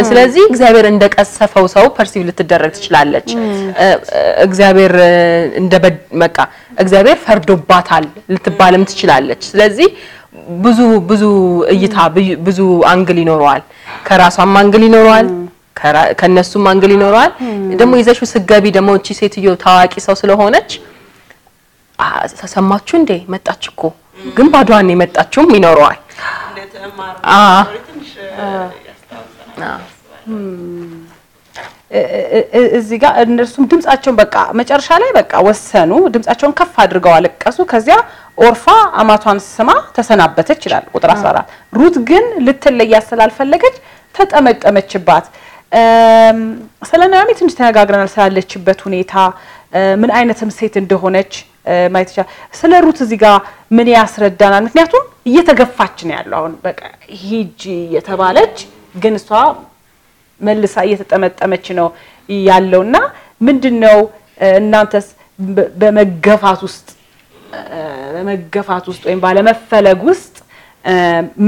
ስለዚህ እግዚአብሔር እንደቀሰፈው ሰው ፐርሲቭ ልትደረግ ትችላለች። እግዚአብሔር እንደ በቃ እግዚአብሔር ፈርዶባታል ልትባልም ትችላለች። ስለዚህ ብዙ ብዙ እይታ ብዙ አንግል ይኖረዋል። ከራሷም አንግል ይኖረዋል ከነሱም አንግል ይኖረዋል። ደግሞ ይዘሽው ስገቢ ደግሞ እቺ ሴትዮ ታዋቂ ሰው ስለሆነች ሰማችሁ እንዴ መጣች እኮ ግን ባዷን የመጣችውም ይኖረዋል። እዚህ ጋር እነርሱም ድምጻቸውን በቃ መጨረሻ ላይ በቃ ወሰኑ። ድምጻቸውን ከፍ አድርገው አለቀሱ። ከዚያ ኦርፋ አማቷን ስማ ተሰናበተች ይላል ቁጥር 14። ሩት ግን ልትለያት ስላልፈለገች ተጠመጠመችባት። ስለ ናኦሚ ትንሽ ተነጋግረናል፣ ስላለችበት ሁኔታ ምን አይነትም ሴት እንደሆነች ማየት ይቻላል። ስለ ሩት እዚህ ጋር ምን ያስረዳናል? ምክንያቱም እየተገፋች ነው ያለው አሁን በቃ ሂጂ የተባለች ግን እሷ መልሳ እየተጠመጠመች ነው ያለውና ምንድን ነው እናንተስ በመገፋት ውስጥ በመገፋት ውስጥ ወይም ባለመፈለግ ውስጥ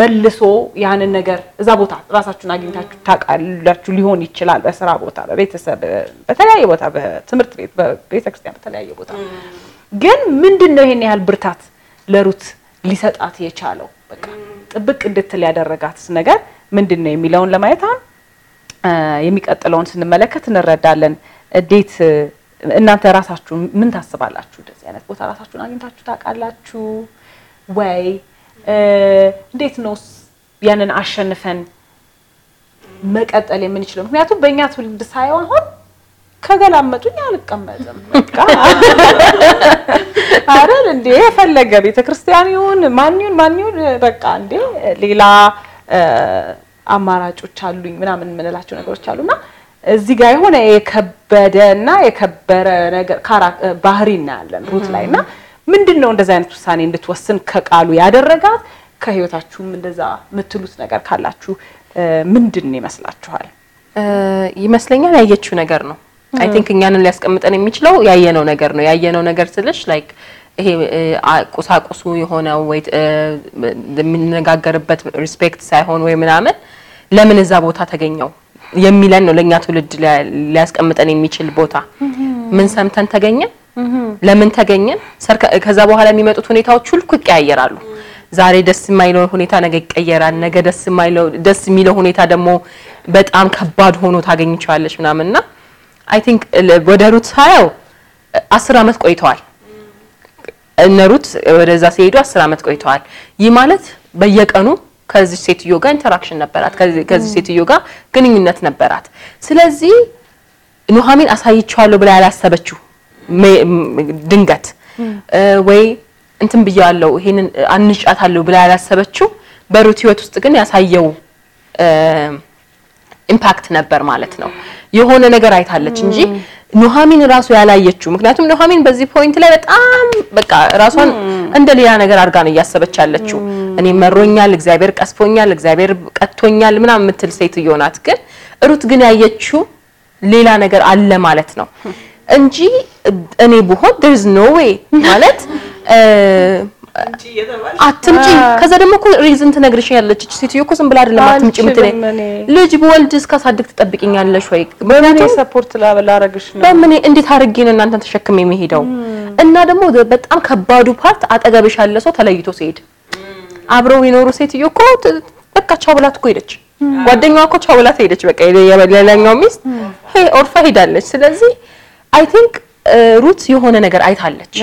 መልሶ ያንን ነገር እዛ ቦታ ራሳችሁን አግኝታችሁ ታውቃላችሁ። ሊሆን ይችላል በስራ ቦታ፣ በቤተሰብ፣ በተለያየ ቦታ፣ በትምህርት ቤት፣ በቤተክርስቲያን፣ በተለያየ ቦታ። ግን ምንድን ነው ይሄን ያህል ብርታት ለሩት ሊሰጣት የቻለው? በቃ ጥብቅ እንድትል ያደረጋትስ ነገር ምንድን ነው የሚለውን ለማየት አሁን የሚቀጥለውን ስንመለከት እንረዳለን። እንዴት እናንተ ራሳችሁ ምን ታስባላችሁ? እንደዚህ አይነት ቦታ ራሳችሁን አግኝታችሁ ታውቃላችሁ ወይ? እንዴት ነው ያንን አሸንፈን መቀጠል የምንችለው? ምክንያቱም በእኛ ትውልድ ሳየው አሁን ከገላመጡኝ አልቀመጥም አይደል እንዴ? የፈለገ ቤተክርስቲያን ይሁን ማን ይሁን ማን ይሁን በቃ እንዴ ሌላ አማራጮች አሉኝ ምናምን የምንላቸው ነገሮች አሉና እዚህ ጋር የሆነ የከበደ እና የከበረ ነገር ባህሪ እናያለን ሩት ላይ እና ምንድን ነው እንደዚህ አይነት ውሳኔ እንድትወስን ከቃሉ ያደረጋት? ከህይወታችሁም እንደዛ የምትሉት ነገር ካላችሁ ምንድን ይመስላችኋል? ይመስለኛል ያየችው ነገር ነው። አይ ቲንክ እኛንን ሊያስቀምጠን የሚችለው ያየነው ነገር ነው። ያየነው ነገር ስልሽ ላይክ ይሄ ቁሳቁሱ የሆነው ወይ የምንነጋገርበት ሪስፔክት ሳይሆን ወይ ምናምን ለምን እዛ ቦታ ተገኘው የሚለን ነው። ለእኛ ትውልድ ሊያስቀምጠን የሚችል ቦታ ምን ሰምተን ተገኘን፣ ለምን ተገኘን። ከዛ በኋላ የሚመጡት ሁኔታዎች ሁሉ ይቀያየራሉ። ዛሬ ደስ የማይለው ሁኔታ ነገ ይቀየራል። ነገ ደስ የማይለው ደስ የሚለው ሁኔታ ደግሞ በጣም ከባድ ሆኖ ታገኝቸዋለች ምናምንና አይ ቲንክ ወደ ሩት ሳየው አስር አመት ቆይተዋል። እነሩት ወደዛ ሲሄዱ አስር ዓመት ቆይተዋል። ይህ ማለት በየቀኑ ከዚህ ሴትዮ ጋር ኢንተራክሽን ነበራት፣ ከዚህ ሴትዮ ጋር ግንኙነት ነበራት። ስለዚህ ኑሐሚን አሳይቼዋለሁ ብላ ያላሰበችው ድንገት ወይ እንትን ብያለሁ ይሄንን አንጫታለሁ ብላ ያላሰበችው በሩት ህይወት ውስጥ ግን ያሳየው ኢምፓክት ነበር ማለት ነው። የሆነ ነገር አይታለች እንጂ ኑሐሚን ራሱ ያላየችው ምክንያቱም ኑሐሚን በዚህ ፖይንት ላይ በጣም በቃ ራሷን እንደ ሌላ ነገር አድርጋ ነው እያሰበች ያለችው። እኔ መሮኛል፣ እግዚአብሔር ቀስፎኛል፣ እግዚአብሔር ቀጥቶኛል ምናምን የምትል ሴት እየሆናት ግን ሩት ግን ያየችው ሌላ ነገር አለ ማለት ነው እንጂ እኔ ብሆን there is no ማለት አትምጪ። ከዛ ደግሞ እኮ ሪዝን ያለች እች ሴትዮ እኮ ዝም ብላ አይደለም አትምጪ የምትለኝ። ልጅ በወልድ እስካሳድግ ትጠብቅኛለሽ ወይ? በምን ሰፖርት ላረግሽ ነው? በምን እንዴት አድርጌ ነው እናንተን ተሸክሜ የሚሄደው? እና ደግሞ በጣም ከባዱ ፓርት አጠገብሽ ያለ ሰው ተለይቶ ሲሄድ አብረው የኖሩ ሴትዮ እኮ በቃ ቻው ብላት እኮ ሄደች። ጓደኛዋ እኮ ቻው ብላት ሄደች። በቃ የሌላኛው ሚስት ኦርፋ ሄዳለች። ስለዚህ አይ ቲንክ ሩት የሆነ ነገር አይታለች።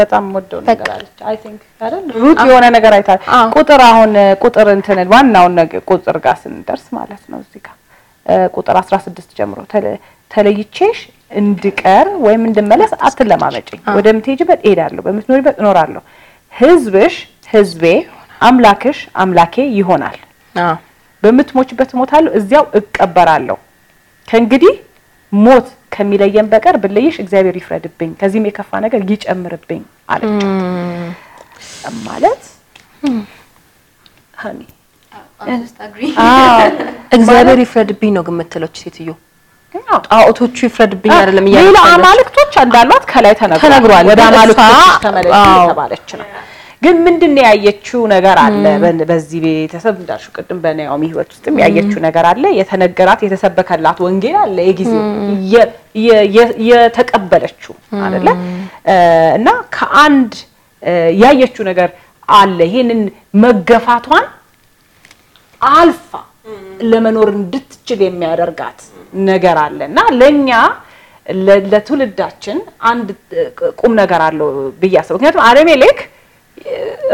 በጣም ወደው ነገር አለች። አይ ቲንክ አይደል ሩት የሆነ ነገር አይታለች። ቁጥር አሁን ቁጥር እንትን ዋናውን ነገር ቁጥር ጋር ስንደርስ ማለት ነው እዚህ ጋር ቁጥር 16 ጀምሮ ተለይቼሽ እንድቀር ወይም እንድመለስ አትለማመጭኝ። ወደ ምትሄጂበት እሄዳለሁ፣ በምትኖሪበት እኖራለሁ። ህዝብሽ ህዝቤ፣ አምላክሽ አምላኬ ይሆናል። በምትሞችበት እሞታለሁ፣ እዚያው እቀበራለሁ። ከእንግዲህ ሞት ከሚለየን በቀር ብለይሽ እግዚአብሔር ይፍረድብኝ፣ ከዚህም የከፋ ነገር ይጨምርብኝ አለችው። ማለት እግዚአብሔር ይፍረድብኝ ነው የምትለው ሴትዮ። ጣዖቶቹ ይፍረድብኝ አይደለም እያለች ሌላ አማልክቶች እንዳሏት ከላይ ተነግሯል። ወደ አማልክቶች ተመለስ የተባለች ነው። ግን ምንድን ያየችው ነገር አለ። በዚህ ቤተሰብ እንዳልሽው ቅድም በናኦሚ ህይወት ውስጥም ያየችው ነገር አለ። የተነገራት የተሰበከላት ወንጌል አለ። የጊዜው የተቀበለችው አይደለ እና ከአንድ ያየችው ነገር አለ። ይሄንን መገፋቷን አልፋ ለመኖር እንድትችል የሚያደርጋት ነገር አለ እና ለእኛ ለትውልዳችን አንድ ቁም ነገር አለው ብዬ አስበው። ምክንያቱም አቤሜሌክ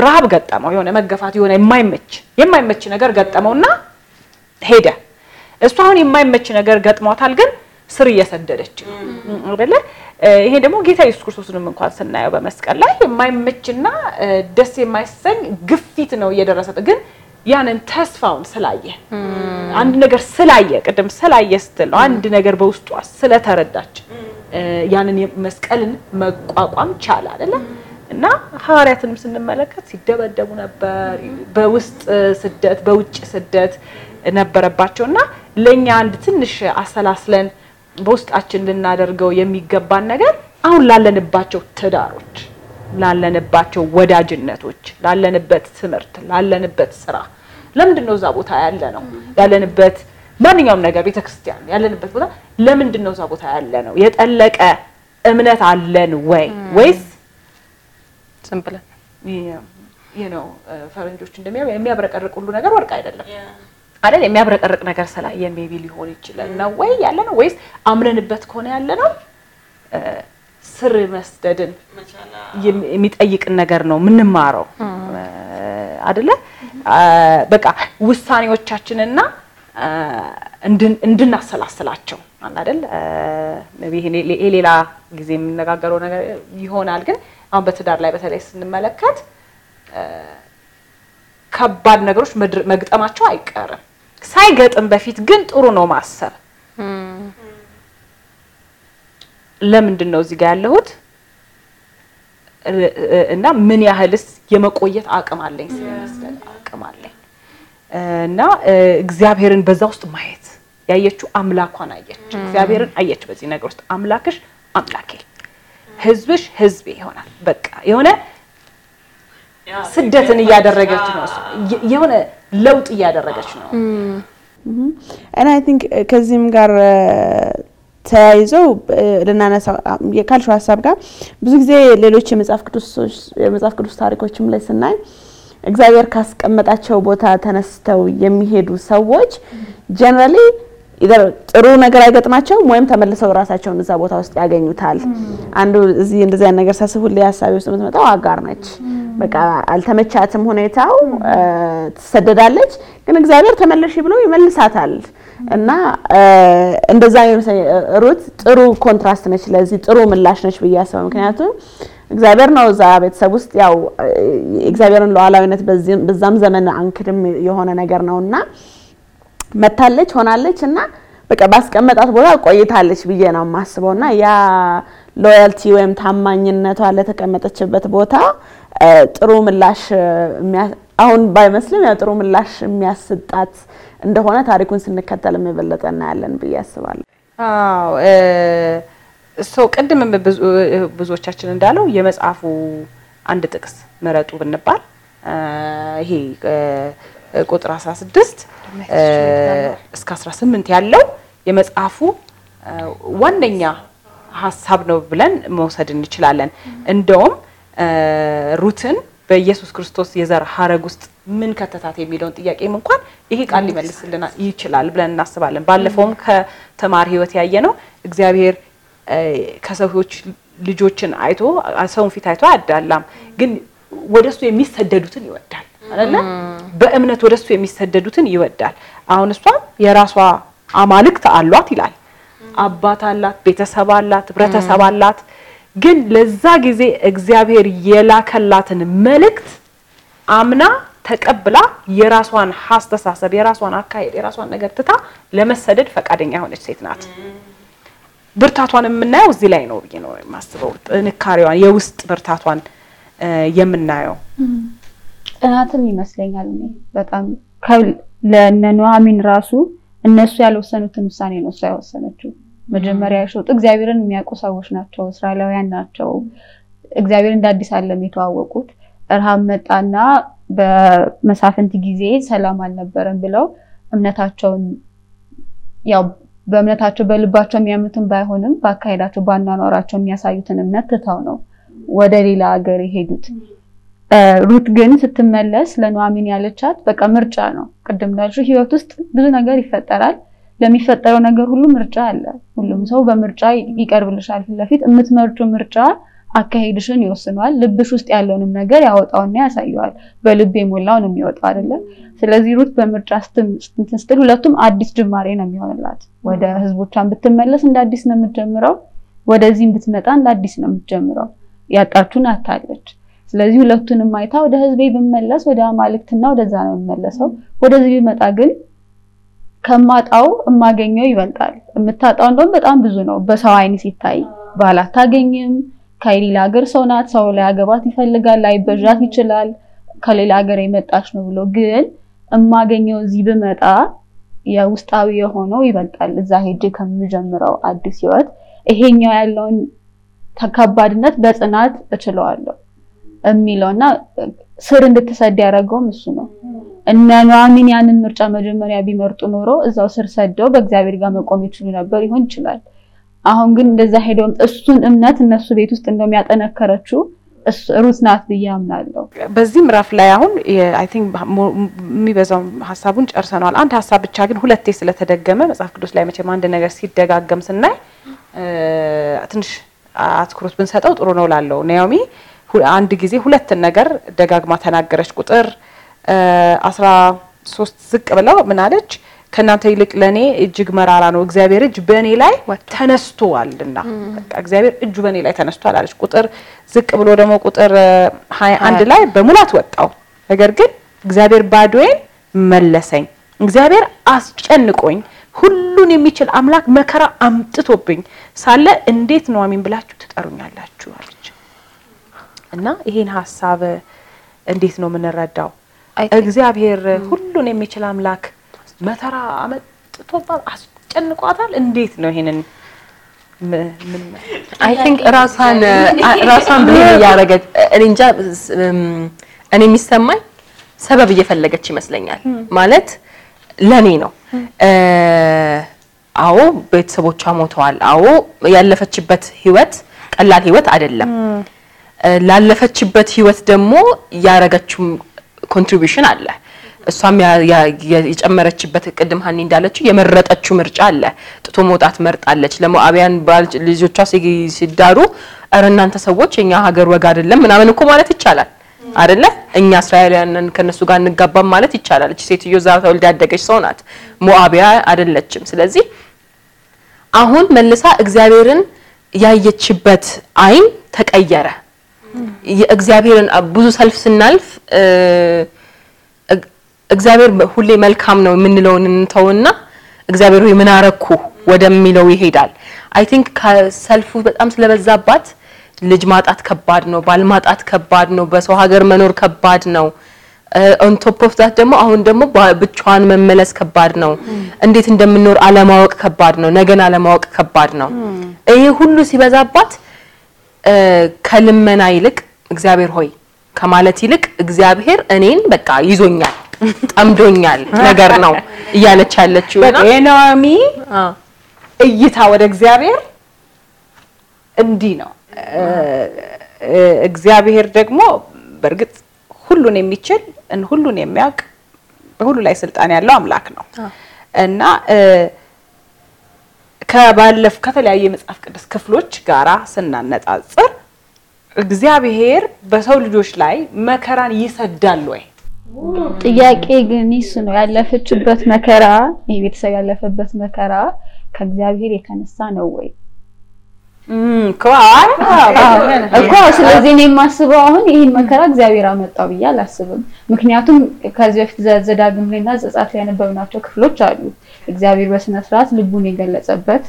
ረሃብ ገጠመው። የሆነ መገፋት፣ የሆነ የማይመች የማይመች ነገር ገጠመውና ሄደ። እሱ አሁን የማይመች ነገር ገጥሟታል፣ ግን ስር እየሰደደች አይደለ? ይሄ ደግሞ ጌታ ኢየሱስ ክርስቶስንም እንኳን ስናየው በመስቀል ላይ የማይመችና ደስ የማይሰኝ ግፊት ነው እየደረሰ ግን ያንን ተስፋውን ስላየ አንድ ነገር ስላየ ቅድም ስላየ ስትል ነው አንድ ነገር በውስጧ ስለተረዳች ያንን መስቀልን መቋቋም ቻለ አይደለ? እና ሐዋርያትንም ስንመለከት ሲደበደቡ ነበር። በውስጥ ስደት፣ በውጭ ስደት ነበረባቸው እና ለእኛ አንድ ትንሽ አሰላስለን በውስጣችን ልናደርገው የሚገባን ነገር አሁን ላለንባቸው ትዳሮች፣ ላለንባቸው ወዳጅነቶች፣ ላለንበት ትምህርት፣ ላለንበት ስራ ለምንድን ነው እዛ ቦታ ያለ ነው ያለንበት ማንኛውም ነገር ቤተክርስቲያን ያለንበት ቦታ ለምንድን ነው እዛ ቦታ ያለ ነው? የጠለቀ እምነት አለን ወይ ወይስ ዝም ብለን ነው uh, ፈረንጆች እንደሚያው የሚያብረቀርቅ ሁሉ ነገር ወርቅ አይደለም አይደል? የሚያብረቀርቅ ነገር ስላየ ሜቢ ሊሆን ይችላል ነው ወይ ያለ ነው ወይስ አምነንበት ከሆነ ያለ ነው uh, ስር መስደድን የሚጠይቅን ነገር ነው የምንማረው uh, አይደለ? በቃ ውሳኔዎቻችንና እንድናሰላስላቸው አይደል? ሜቢ ይሄ ሌላ ጊዜ የምነጋገረው ነገር ይሆናል ግን አሁን በትዳር ላይ በተለይ ስንመለከት ከባድ ነገሮች መግጠማቸው አይቀርም። ሳይገጥም በፊት ግን ጥሩ ነው ማሰብ። ለምንድን ነው እዚህ ጋር ያለሁት እና ምን ያህልስ የመቆየት አቅም አለኝ ስለመስለን አቅም አለኝ እና እግዚአብሔርን በዛ ውስጥ ማየት ያየችው አምላኳን አየች፣ እግዚአብሔርን አየች። በዚህ ነገር ውስጥ አምላክሽ አምላኬ ህዝብሽ ህዝብ ይሆናል። በቃ የሆነ ስደትን እያደረገች ነው፣ የሆነ ለውጥ እያደረገች ነው። እና አይ ቲንክ ከዚህም ጋር ተያይዘው ልናነሳ ካልሽው ሀሳብ ጋር ብዙ ጊዜ ሌሎች የመጽሐፍ ቅዱስ ታሪኮችም ላይ ስናይ እግዚአብሔር ካስቀመጣቸው ቦታ ተነስተው የሚሄዱ ሰዎች ጀነራሊ ኢደር ጥሩ ነገር አይገጥማቸውም ወይም ተመልሰው ራሳቸውን እዛ ቦታ ውስጥ ያገኙታል። አንዱ እዚህ እንደዚህ አይነት ነገር ሳስብ ሁሌ ሀሳቤ ውስጥ የምትመጣው አጋር ነች። በቃ አልተመቻትም ሁኔታው፣ ትሰደዳለች። ግን እግዚአብሔር ተመለሽ ብሎ ይመልሳታል እና እንደዛ ሩት ጥሩ ኮንትራስት ነች፣ ለዚህ ጥሩ ምላሽ ነች ብዬ አስበው። ምክንያቱም እግዚአብሔር ነው እዛ ቤተሰብ ውስጥ ያው እግዚአብሔርን ሉዓላዊነት በዛም ዘመን አንክድም የሆነ ነገር ነውና መታለች ሆናለች እና በቃ ባስቀመጣት ቦታ ቆይታለች ብዬ ነው የማስበው። እና ያ ሎያልቲ ወይም ታማኝነቷ ለተቀመጠችበት ቦታ ጥሩ ምላሽ አሁን ባይመስልም ያ ጥሩ ምላሽ የሚያስጣት እንደሆነ ታሪኩን ስንከተል የበለጠ እናያለን ብዬ አስባለሁ። ሰው እሶ ቅድም ብዙዎቻችን እንዳለው የመጽሐፉ አንድ ጥቅስ ምረጡ ብንባል ይሄ ቁጥር 16 እስከ 18 ያለው የመጽሐፉ ዋነኛ ሀሳብ ነው ብለን መውሰድ እንችላለን። እንደውም ሩትን በኢየሱስ ክርስቶስ የዘር ሀረግ ውስጥ ምን ከተታት የሚለውን ጥያቄም እንኳን ይሄ ቃል ሊመልስልና ይችላል ብለን እናስባለን። ባለፈውም ከተማሪ ህይወት ያየ ነው እግዚአብሔር ከሰዎች ልጆችን አይቶ ሰውን ፊት አይቶ አያዳላም፣ ግን ወደሱ የሚሰደዱትን ይወዳል። አይደለ? በእምነት ወደ እሱ የሚሰደዱትን ይወዳል። አሁን እሷ የራሷ አማልክት አሏት ይላል። አባት አላት፣ ቤተሰብ አላት፣ ህብረተሰብ አላት። ግን ለዛ ጊዜ እግዚአብሔር የላከላትን መልእክት አምና ተቀብላ የራሷን አስተሳሰብ፣ የራሷን አካሄድ፣ የራሷን ነገር ትታ ለመሰደድ ፈቃደኛ የሆነች ሴት ናት። ብርታቷን የምናየው እዚህ ላይ ነው ብዬ ነው የማስበው። ጥንካሬዋን፣ የውስጥ ብርታቷን የምናየው ጥናትም ይመስለኛል እኔ በጣም ለእነ ኑሐሚን ራሱ እነሱ ያልወሰኑትን ውሳኔ ነው እሷ ያወሰነችው። መጀመሪያ የሾጡ እግዚአብሔርን የሚያውቁ ሰዎች ናቸው፣ እስራኤላውያን ናቸው። እግዚአብሔር እንደ አዲስ ዓለም የተዋወቁት እርሃብ መጣና በመሳፍንት ጊዜ ሰላም አልነበረም ብለው እምነታቸውን ያው በእምነታቸው በልባቸው የሚያምኑትን ባይሆንም በአካሄዳቸው በአኗኗራቸው የሚያሳዩትን እምነት ትተው ነው ወደ ሌላ ሀገር የሄዱት። ሩት ግን ስትመለስ ለኑሐሚን ያለቻት በቃ ምርጫ ነው። ቅድም እንዳልሽው ህይወት ውስጥ ብዙ ነገር ይፈጠራል። ለሚፈጠረው ነገር ሁሉ ምርጫ አለ። ሁሉም ሰው በምርጫ ይቀርብልሻል ፊት ለፊት። የምትመርጩ ምርጫ አካሄድሽን ይወስነዋል። ልብሽ ውስጥ ያለውንም ነገር ያወጣውና ያሳየዋል። በልብ የሞላውን የሚወጣው አይደለም። ስለዚህ ሩት በምርጫ ስትል ሁለቱም አዲስ ጅማሬ ነው የሚሆንላት። ወደ ህዝቦቿን ብትመለስ እንደ አዲስ ነው የምትጀምረው። ወደዚህም ብትመጣ እንደ አዲስ ነው የምትጀምረው። ያጣችሁን አታለች። ስለዚህ ሁለቱንም ማይታ ወደ ህዝቤ ብመለስ ወደ አማልክትና ወደዛ ነው የምመለሰው፣ ወደዚህ ብመጣ ግን ከማጣው እማገኘው ይበልጣል። የምታጣው እንደውም በጣም ብዙ ነው። በሰው አይን ሲታይ ባል አታገኝም። ከሌላ ሀገር ሰው ናት። ሰው ላይ አገባት ይፈልጋል፣ ላይበዣት ይችላል። ከሌላ ሀገር የመጣች ነው ብሎ ግን እማገኘው እዚህ ብመጣ የውስጣዊ የሆነው ይበልጣል። እዛ ሄጄ ከምጀምረው አዲስ ህይወት ይሄኛው ያለውን ከባድነት በጽናት እችለዋለሁ። የሚለው እና ስር እንድትሰድ ያደረገውም እሱ ነው። እና ኑሐሚን ያንን ምርጫ መጀመሪያ ቢመርጡ ኖሮ እዛው ስር ሰደው በእግዚአብሔር ጋር መቆም ይችሉ ነበር ይሆን ይችላል። አሁን ግን እንደዛ ሄደው እሱን እምነት እነሱ ቤት ውስጥ እንደውም ያጠነከረችው ሩት ናት ብዬ አምናለሁ። በዚህ ምዕራፍ ላይ አሁን አይ ቲንክ ሀሳቡን ጨርሰነዋል። አንድ ሀሳብ ብቻ ግን ሁለቴ ስለተደገመ መጽሐፍ ቅዱስ ላይ መቼም አንድ ነገር ሲደጋገም ስናይ ትንሽ አትኩሮት ብንሰጠው ጥሩ ነው ላለው ናኦሚ አንድ ጊዜ ሁለትን ነገር ደጋግማ ተናገረች። ቁጥር አስራ ሶስት ዝቅ ብለው ምን አለች? ከእናንተ ይልቅ ለእኔ እጅግ መራራ ነው እግዚአብሔር እጅ በእኔ ላይ ተነስቶዋልና፣ እግዚአብሔር እጁ በእኔ ላይ ተነስቷል አለች። ቁጥር ዝቅ ብሎ ደግሞ ቁጥር ሀያ አንድ ላይ በሙላት ወጣው፣ ነገር ግን እግዚአብሔር ባዶዬን መለሰኝ። እግዚአብሔር አስጨንቆኝ ሁሉን የሚችል አምላክ መከራ አምጥቶብኝ ሳለ እንዴት አሚን ብላችሁ ትጠሩኛላችሁ? እና ይሄን ሀሳብ እንዴት ነው የምንረዳው? እግዚአብሔር ሁሉን የሚችል አምላክ መተራ አመጥቶባል፣ አስጨንቋታል። እንዴት ነው ይሄንን አይ ቲንክ ራሷን ራሷን ብሌም እያደረገች እኔ እንጃ እኔ የሚሰማኝ ሰበብ እየፈለገች ይመስለኛል። ማለት ለኔ ነው። አዎ ቤተሰቦቿ ሞተዋል። አዎ ያለፈችበት ህይወት ቀላል ህይወት አይደለም። ላለፈችበት ህይወት ደግሞ ያረገችው ኮንትሪቢሽን አለ። እሷም የጨመረችበት ቅድም ሀኒ እንዳለችው የመረጠችው ምርጫ አለ። ጥቶ መውጣት መርጣለች። ለሞአቢያን ባል ልጆቿ ሲዳሩ እረ እናንተ ሰዎች የኛ ሀገር ወግ አይደለም ምናምን እኮ ማለት ይቻላል አይደለ? እኛ እስራኤላውያንን ከነሱ ጋር እንጋባም ማለት ይቻላል። እቺ ሴትዮ ዛ ተወልዳ ያደገች ሰው ናት፣ ሞአቢያ አይደለችም። ስለዚህ አሁን መልሳ እግዚአብሔርን ያየችበት አይን ተቀየረ። የእግዚአብሔርን ብዙ ሰልፍ ስናልፍ እግዚአብሔር ሁሌ መልካም ነው የምንለውን እንተውና እግዚአብሔር ሆይ ምን አረኩ ወደሚለው ይሄዳል። አይ ቲንክ ከሰልፉ በጣም ስለበዛባት ልጅ ማጣት ከባድ ነው፣ ባል ማጣት ከባድ ነው፣ በሰው ሀገር መኖር ከባድ ነው። ኦን ቶፕ ኦፍ ዛት ደግሞ አሁን ደግሞ ብቻዋን መመለስ ከባድ ነው። እንዴት እንደምንኖር አለማወቅ ከባድ ነው። ነገን አለማወቅ ከባድ ነው። ይሄ ሁሉ ሲበዛባት ከልመና ይልቅ እግዚአብሔር ሆይ ከማለት ይልቅ እግዚአብሔር እኔን በቃ ይዞኛል፣ ጠምዶኛል ነገር ነው እያለች ያለችው የነዋሚ እይታ ወደ እግዚአብሔር እንዲህ ነው። እግዚአብሔር ደግሞ በእርግጥ ሁሉን የሚችል ሁሉን የሚያውቅ በሁሉ ላይ ስልጣን ያለው አምላክ ነው እና ከባለፍ ከተለያዩ የመጽሐፍ ቅዱስ ክፍሎች ጋራ ስናነጻጽር እግዚአብሔር በሰው ልጆች ላይ መከራን ይሰዳል ወይ? ጥያቄ ግን ይሱ ነው ያለፈችበት መከራ ይህ ቤተሰብ ያለፈበት መከራ ከእግዚአብሔር የተነሳ ነው ወይ? እኮ ስለዚህ እኔ የማስበው አሁን ይህን መከራ እግዚአብሔር አመጣው ብዬ አላስብም። ምክንያቱም ከዚህ በፊት ዘዳግም ላይና ዘጸአት ላይ ያነበብናቸው ክፍሎች አሉ። እግዚአብሔር በስነ ስርዓት ልቡን የገለጸበት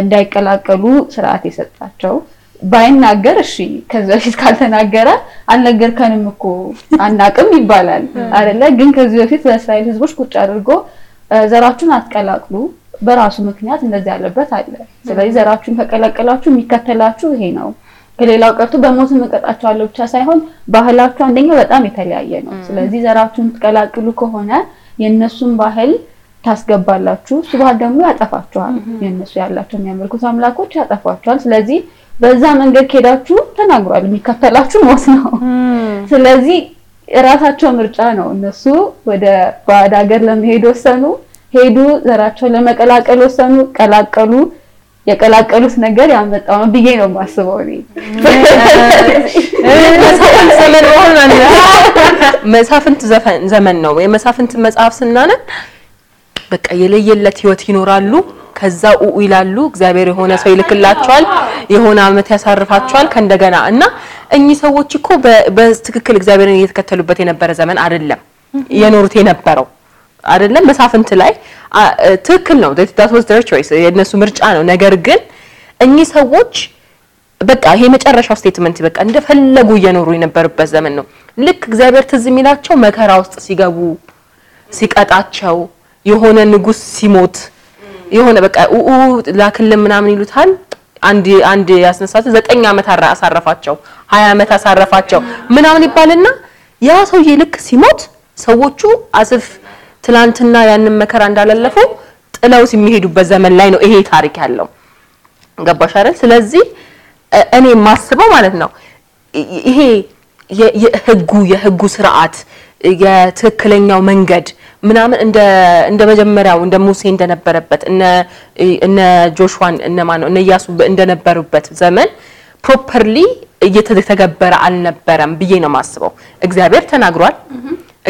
እንዳይቀላቀሉ ስርዓት የሰጣቸው ባይናገር እሺ፣ ከዚህ በፊት ካልተናገረ አልነገርከንም እኮ አናቅም ይባላል አይደለ? ግን ከዚህ በፊት በእስራኤል ሕዝቦች ቁጭ አድርጎ ዘራችሁን አትቀላቅሉ በራሱ ምክንያት እንደዚህ ያለበት አለ። ስለዚህ ዘራችሁን ከቀላቀላችሁ የሚከተላችሁ ይሄ ነው። ከሌላው ቀርቶ በሞት እቀጣችኋለሁ ብቻ ሳይሆን ባህላችሁ አንደኛ በጣም የተለያየ ነው። ስለዚህ ዘራችሁን የምትቀላቅሉ ከሆነ የእነሱን ባህል ታስገባላችሁ፣ እሱ ባህል ደግሞ ያጠፋችኋል። የእነሱ ያላቸው የሚያመልኩት አምላኮች ያጠፏችኋል። ስለዚህ በዛ መንገድ ከሄዳችሁ ተናግሯል፣ የሚከተላችሁ ሞት ነው። ስለዚህ የራሳቸው ምርጫ ነው። እነሱ ወደ ባዕድ ሀገር ለመሄድ ወሰኑ። ሄዱ፣ ዘራቸውን ለመቀላቀል ወሰኑ፣ ቀላቀሉ። የቀላቀሉት ነገር ያመጣው ነው ብዬ ነው የማስበው። መሳፍንት ዘመን ነው የመሳፍንት መጽሐፍ ስናነ በቃ የለየለት ህይወት ይኖራሉ። ከዛ ኡ ይላሉ። እግዚአብሔር የሆነ ሰው ይልክላቸዋል፣ የሆነ አመት ያሳርፋቸዋል ከእንደገና እና እኚህ ሰዎች እኮ በትክክል እግዚአብሔርን እየተከተሉበት የነበረ ዘመን አይደለም የኖሩት የነበረው አይደለም መሳፍንት ላይ ትክክል ነው። that was their choice የነሱ ምርጫ ነው። ነገር ግን እኚህ ሰዎች በቃ ይሄ መጨረሻው ስቴትመንት በቃ እንደፈለጉ እየኖሩ የነበሩበት ዘመን ነው። ልክ እግዚአብሔር ትዝ የሚላቸው መከራ ውስጥ ሲገቡ ሲቀጣቸው፣ የሆነ ንጉስ ሲሞት፣ የሆነ በቃ ኡ ላክልም ምናምን ይሉታል። አንድ አንድ ያስነሳቸው ዘጠኝ ዓመት አሳረፋቸው፣ ሀያ ዓመት አሳረፋቸው ምናምን ይባልና ያ ሰውዬ ልክ ሲሞት ሰዎቹ አስፍ ትላንትና ያንን መከራ እንዳላለፉ ጥለው የሚሄዱበት ዘመን ላይ ነው ይሄ ታሪክ ያለው። ገባሽ አይደል? ስለዚህ እኔ የማስበው ማለት ነው ይሄ የህጉ የህጉ ስርዓት የትክክለኛው መንገድ ምናምን እንደ እንደ መጀመሪያው እንደ ሙሴ እንደነበረበት እነ እነ ጆሹዋን እነ ነው እነ ኢያሱ እንደነበሩበት ዘመን ፕሮፐርሊ እየተተገበረ አልነበረም ብዬ ነው የማስበው። እግዚአብሔር ተናግሯል፣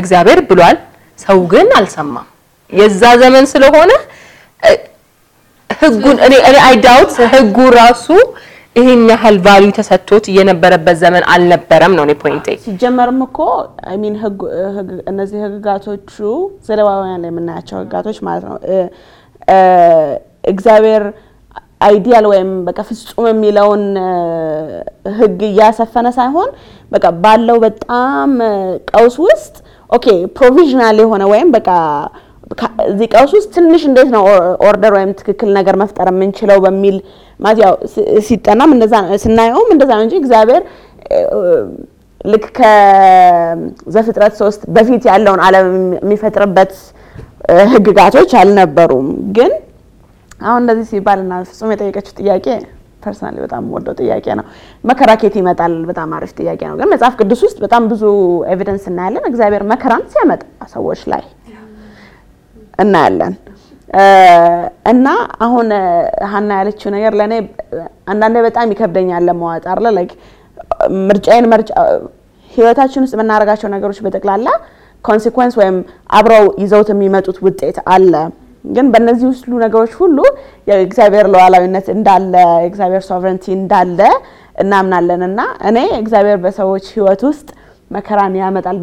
እግዚአብሔር ብሏል። ሰው ግን አልሰማም። የዛ ዘመን ስለሆነ ህጉን እኔ እኔ አይ ዳውት ህጉ ራሱ ይሄን ያህል ቫልዩ ተሰጥቶት የነበረበት ዘመን አልነበረም ነው እኔ ፖይንቴ። ሲጀመርም እኮ አይ ሚን ህግ እነዚህ ህግጋቶቹ ዘሌዋውያን ላይ የምናያቸው ህግጋቶች ማለት ነው እግዚአብሔር አይዲያል ወይም በቃ ፍጹም የሚለውን ህግ እያሰፈነ ሳይሆን በቃ ባለው በጣም ቀውስ ውስጥ ኦኬ ፕሮቪዥናል የሆነ ወይም በቃ እዚህ ቀውስ ውስጥ ትንሽ እንዴት ነው ኦርደር ወይም ትክክል ነገር መፍጠር የምንችለው በሚል ማለት ያው ሲጠናም እንደዛ ስናየውም እንደዛ ነው እንጂ እግዚአብሔር ልክ ከዘፍጥረት ሶስት በፊት ያለውን ዓለም የሚፈጥርበት ህግጋቶች አልነበሩም። ግን አሁን እንደዚህ ሲባልና ፍጹም የጠየቀችው ጥያቄ ፐርሰናሊ በጣም ወደው ጥያቄ ነው። መከራ ከየት ይመጣል? በጣም አሪፍ ጥያቄ ነው። ግን መጽሐፍ ቅዱስ ውስጥ በጣም ብዙ ኤቪደንስ እናያለን። እግዚአብሔር መከራን ሲያመጣ ሰዎች ላይ እናያለን። እና አሁን ሀና ያለችው ነገር ለእኔ አንዳንዴ በጣም ይከብደኛል ለማዋጥ አለ ላይክ ምርጫዬን መርጫ ህይወታችን ውስጥ የምናደርጋቸው ነገሮች በጠቅላላ ኮንሲኩዌንስ ወይም አብረው ይዘውት የሚመጡት ውጤት አለ ግን በእነዚህ ውስሉ ነገሮች ሁሉ የእግዚአብሔር ሉዓላዊነት እንዳለ የእግዚአብሔር ሶቨረንቲ እንዳለ እናምናለን እና እኔ እግዚአብሔር በሰዎች ህይወት ውስጥ መከራን ያመጣል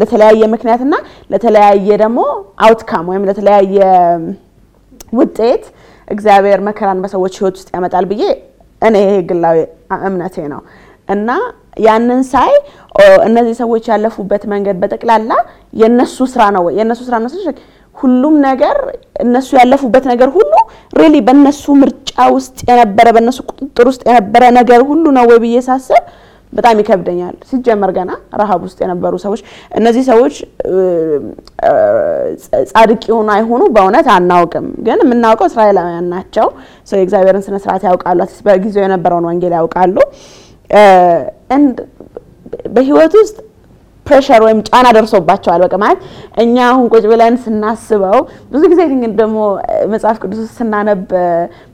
ለተለያየ ምክንያትና ለተለያየ ደግሞ አውትካም ወይም ለተለያየ ውጤት እግዚአብሔር መከራን በሰዎች ህይወት ውስጥ ያመጣል ብዬ እኔ ይሄ ግላዊ እምነቴ ነው እና ያንን ሳይ እነዚህ ሰዎች ያለፉበት መንገድ በጠቅላላ የነሱ ስራ ነው የነሱ ስራ ነው ሁሉም ነገር እነሱ ያለፉበት ነገር ሁሉ ሪሊ በእነሱ ምርጫ ውስጥ የነበረ በእነሱ ቁጥጥር ውስጥ የነበረ ነገር ሁሉ ነው ወይ ብዬ ሳስብ በጣም ይከብደኛል። ሲጀመር ገና ረሃብ ውስጥ የነበሩ ሰዎች እነዚህ ሰዎች ጻድቅ የሆኑ አይሆኑ በእውነት አናውቅም፣ ግን የምናውቀው እስራኤላውያን ናቸው። ሰው የእግዚአብሔርን ስነ ስርዓት ያውቃሉ፣ በጊዜው የነበረውን ወንጌል ያውቃሉ። በህይወት ውስጥ ፕሬሸር ወይም ጫና ደርሶባቸዋል። በቃ ማለት እኛ አሁን ቁጭ ብለን ስናስበው ብዙ ጊዜ ግን ደግሞ መጽሐፍ ቅዱስ ስናነብ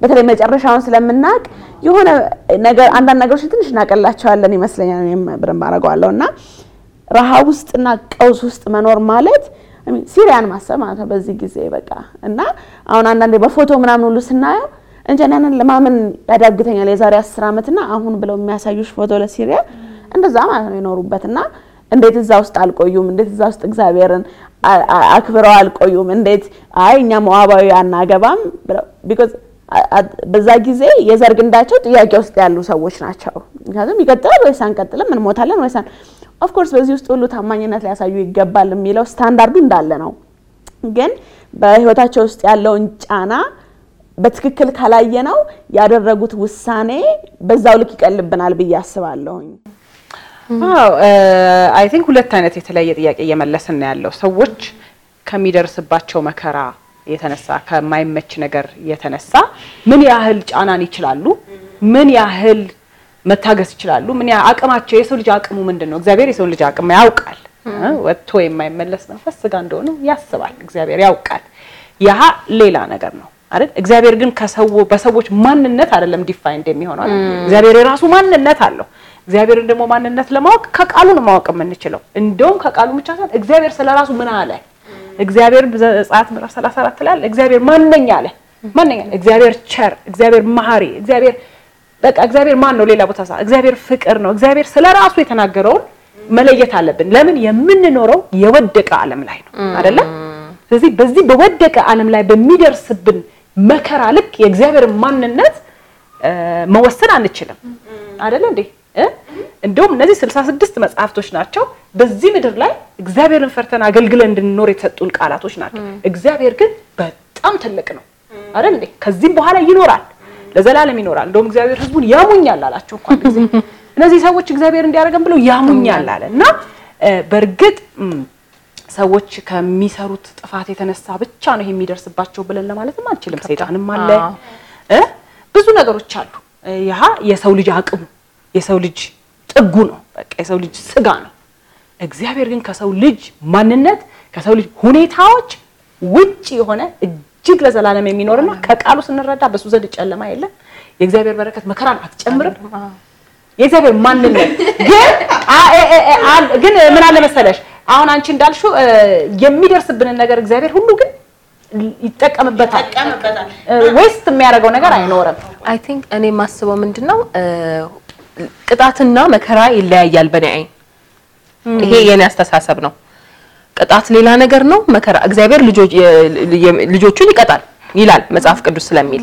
በተለይ መጨረሻውን ስለምናውቅ የሆነ ነገር አንዳንድ ነገሮች ትንሽ እናቀላቸዋለን ይመስለኛል። እኔም በደንብ አደርገዋለሁ እና ረሃብ ውስጥና ቀውስ ውስጥ መኖር ማለት ሲሪያን ማሰብ ማለት ነው በዚህ ጊዜ በቃ እና አሁን አንዳንዴ በፎቶ ምናምን ሁሉ ስናየው እንጂ ያንን ለማመን ያዳግተኛል። የዛሬ አስር ዓመትና አሁን ብለው የሚያሳዩሽ ፎቶ ለሲሪያ እንደዛ ማለት ነው የኖሩበት እና እንዴት እዛ ውስጥ አልቆዩም? እንዴት እዛ ውስጥ እግዚአብሔርን አክብረው አልቆዩም? እንዴት አይ እኛ ሞዓባዊ አናገባም? ቢኮዝ በዛ ጊዜ የዘር ግንዳቸው ጥያቄ ውስጥ ያሉ ሰዎች ናቸው። ምክንያቱም ይቀጥላል ወይስ አንቀጥልም፣ እንሞታለን ወይስ ኦፍኮርስ በዚህ ውስጥ ሁሉ ታማኝነት ሊያሳዩ ይገባል የሚለው ስታንዳርዱ እንዳለ ነው። ግን በህይወታቸው ውስጥ ያለውን ጫና በትክክል ካላየ ነው ያደረጉት ውሳኔ በዛው ልክ ይቀልብናል ብዬ አስባለሁኝ። አዎ አይ ቲንክ ሁለት አይነት የተለያየ ጥያቄ እየመለስን ያለው። ሰዎች ከሚደርስባቸው መከራ የተነሳ ከማይመች ነገር የተነሳ ምን ያህል ጫናን ይችላሉ? ምን ያህል መታገስ ይችላሉ? ምን ያህል አቅማቸው፣ የሰው ልጅ አቅሙ ምንድን ነው? እግዚአብሔር የሰው ልጅ አቅም ያውቃል። ወጥቶ የማይመለስ መንፈስ ስጋ እንደሆነ ያስባል፣ እግዚአብሔር ያውቃል። ያ ሌላ ነገር ነው አይደል? እግዚአብሔር ግን ከሰው በሰዎች ማንነት አይደለም ዲፋይንድ የሚሆነው። እግዚአብሔር የራሱ ማንነት አለው። እግዚአብሔርን ደግሞ ማንነት ለማወቅ ከቃሉን ማወቅ የምንችለው እንደውም ከቃሉ ብቻ ሳይሆን እግዚአብሔር ስለራሱ ምን አለ? እግዚአብሔር ዘጸአት ምዕራፍ 34 ላይ እግዚአብሔር ማነኝ አለ። ማነኝ እግዚአብሔር ቸር፣ እግዚአብሔር መሐሪ፣ እግዚአብሔር በቃ እግዚአብሔር ማን ነው? ሌላ ቦታ እግዚአብሔር ፍቅር ነው። እግዚአብሔር ስለራሱ የተናገረውን መለየት አለብን። ለምን የምንኖረው የወደቀ ዓለም ላይ ነው አይደለ? ስለዚህ በዚህ በወደቀ ዓለም ላይ በሚደርስብን መከራ ልክ የእግዚአብሔር ማንነት መወሰን አንችልም አይደለ እንዴ? እንደውም እነዚህ ስልሳ ስድስት መጽሐፍቶች ናቸው። በዚህ ምድር ላይ እግዚአብሔርን ፈርተን አገልግለን እንድንኖር የተሰጡን ቃላቶች ናቸው። እግዚአብሔር ግን በጣም ትልቅ ነው አይደል እንዴ? ከዚህም በኋላ ይኖራል፣ ለዘላለም ይኖራል። እንደውም እግዚአብሔር ሕዝቡን ያሙኛል አላቸው እንኳን ጊዜ እነዚህ ሰዎች እግዚአብሔር እንዲያደርገን ብለው ያሙኛል አለ እና በእርግጥ ሰዎች ከሚሰሩት ጥፋት የተነሳ ብቻ ነው የሚደርስባቸው ብለን ለማለትም አንችልም። ሰይጣንም አለ ብዙ ነገሮች አሉ። ያ የሰው ልጅ አቅሙ የሰው ልጅ ጥጉ ነው። በቃ የሰው ልጅ ስጋ ነው። እግዚአብሔር ግን ከሰው ልጅ ማንነት ከሰው ልጅ ሁኔታዎች ውጭ የሆነ እጅግ ለዘላለም የሚኖርና ከቃሉ ስንረዳ በሱ ዘንድ ጨለማ የለም። የእግዚአብሔር በረከት መከራን አትጨምርም። የእግዚአብሔር ማንነት ግን ምን አለ መሰለሽ፣ አሁን አንቺ እንዳልሽው የሚደርስብንን ነገር እግዚአብሔር ሁሉ ግን ይጠቀምበታል ዌስት የሚያደርገው ነገር አይኖርም። አይ ቲንክ እኔ የማስበው ምንድን ነው ቅጣትና መከራ ይለያያል። በኔ አይን ይሄ የኔ አስተሳሰብ ነው። ቅጣት ሌላ ነገር ነው። መከራ እግዚአብሔር ልጆቹን ይቀጣል ይላል መጽሐፍ ቅዱስ ስለሚል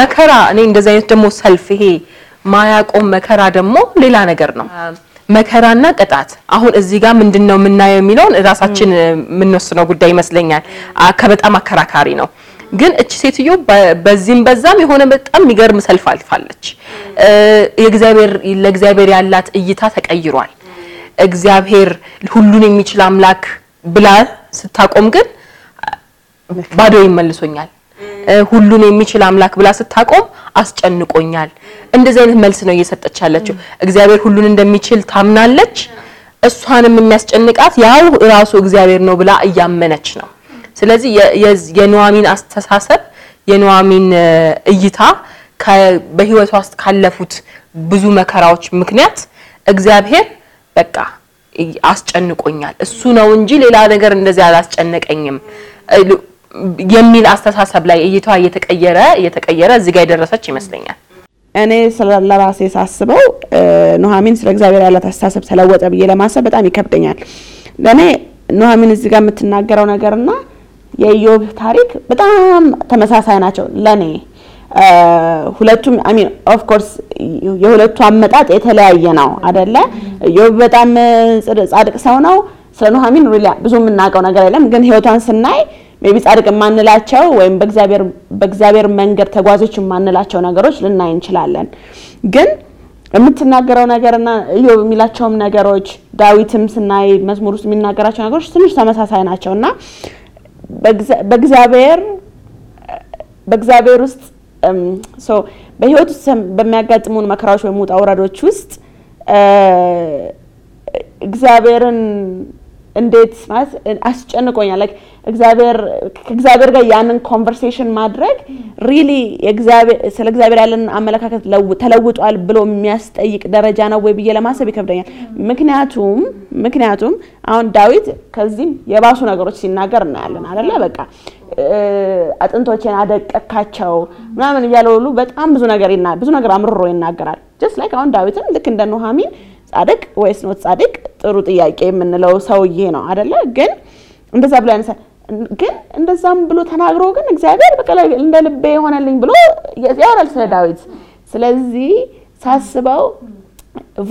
መከራ እኔ እንደዚህ አይነት ደግሞ ሰልፍ ይሄ ማያቆም መከራ ደግሞ ሌላ ነገር ነው። መከራና ቅጣት አሁን እዚህ ጋር ምንድን ነው የምናየው የሚለውን ራሳችን የምንወስነው ጉዳይ ይመስለኛል። በጣም አከራካሪ ነው። ግን እቺ ሴትዮ በዚህም በዛም የሆነ በጣም የሚገርም ሰልፍ አልፋለች። የእግዚአብሔር ለእግዚአብሔር ያላት እይታ ተቀይሯል። እግዚአብሔር ሁሉን የሚችል አምላክ ብላ ስታቆም ግን ባዶ ይመልሶኛል፣ ሁሉን የሚችል አምላክ ብላ ስታቆም አስጨንቆኛል። እንደዚህ አይነት መልስ ነው እየሰጠች ያለችው። እግዚአብሔር ሁሉን እንደሚችል ታምናለች። እሷንም የሚያስጨንቃት ያው ራሱ እግዚአብሔር ነው ብላ እያመነች ነው። ስለዚህ የኑዋሚን አስተሳሰብ የኑዋሚን እይታ በህይወቷ ውስጥ ካለፉት ብዙ መከራዎች ምክንያት እግዚአብሔር በቃ አስጨንቆኛል እሱ ነው እንጂ ሌላ ነገር እንደዚህ አላስጨነቀኝም የሚል አስተሳሰብ ላይ እይቷ እየተቀየረ እየተቀየረ እዚህ ጋር የደረሰች ይመስለኛል። እኔ ስለራሴ ሳስበው ኑሐሚን ስለ እግዚአብሔር ያላት አስተሳሰብ ተለወጠ ብዬ ለማሰብ በጣም ይከብደኛል። ለእኔ ኑሐሚን እዚህ ጋር የምትናገረው ነገርና የኢዮብ ታሪክ በጣም ተመሳሳይ ናቸው ለኔ። ሁለቱም አይ ሚን ኦፍ ኮርስ የሁለቱ አመጣጥ የተለያየ ነው አይደለ? ኢዮብ በጣም ጻድቅ ሰው ነው። ስለ ኑሃሚን ብዙ የምናውቀው ነገር የለም፣ ግን ህይወቷን ስናይ ሜቢ ጻድቅ የማንላቸው ወይም በእግዚአብሔር መንገድ ተጓዞች የማንላቸው ነገሮች ልናይ እንችላለን። ግን የምትናገረው ነገርና ኢዮብ የሚላቸውም ነገሮች ዳዊትም ስናይ መዝሙር ውስጥ የሚናገራቸው ነገሮች ትንሽ ተመሳሳይ ናቸው እና በእግዚአብሔር በእግዚአብሔር ውስጥ በህይወት ውስጥ በሚያጋጥሙን መከራዎች ወይም ውጣ ውረዶች ውስጥ እግዚአብሔርን እንዴት ማለት አስጨንቆኛል። ላይክ ከእግዚአብሔር ጋር ያንን ኮንቨርሴሽን ማድረግ ሪሊ ስለ እግዚአብሔር ያለን አመለካከት ተለውጧል ብሎ የሚያስጠይቅ ደረጃ ነው ወይ ብዬ ለማሰብ ይከብደኛል። ምክንያቱም ምክንያቱም አሁን ዳዊት ከዚህም የባሱ ነገሮች ሲናገር እናያለን አይደለ? በቃ አጥንቶቼን አደቀካቸው ምናምን እያለ ሁሉ በጣም ብዙ ነገር ብዙ ነገር አምርሮ ይናገራል። ጀስት ላይክ አሁን ዳዊትም ልክ እንደ ኑኃሚን ጻድቅ ወይስ ኖት ጻድቅ ጥሩ ጥያቄ የምንለው ሰውዬ ነው አደለ? ግን እንደዛ ብሎ ያነሳ ግን እንደዛም ብሎ ተናግሮ ግን እግዚአብሔር በቃ እንደ ልቤ የሆነልኝ ብሎ ያወራል ስለ ዳዊት። ስለዚህ ሳስበው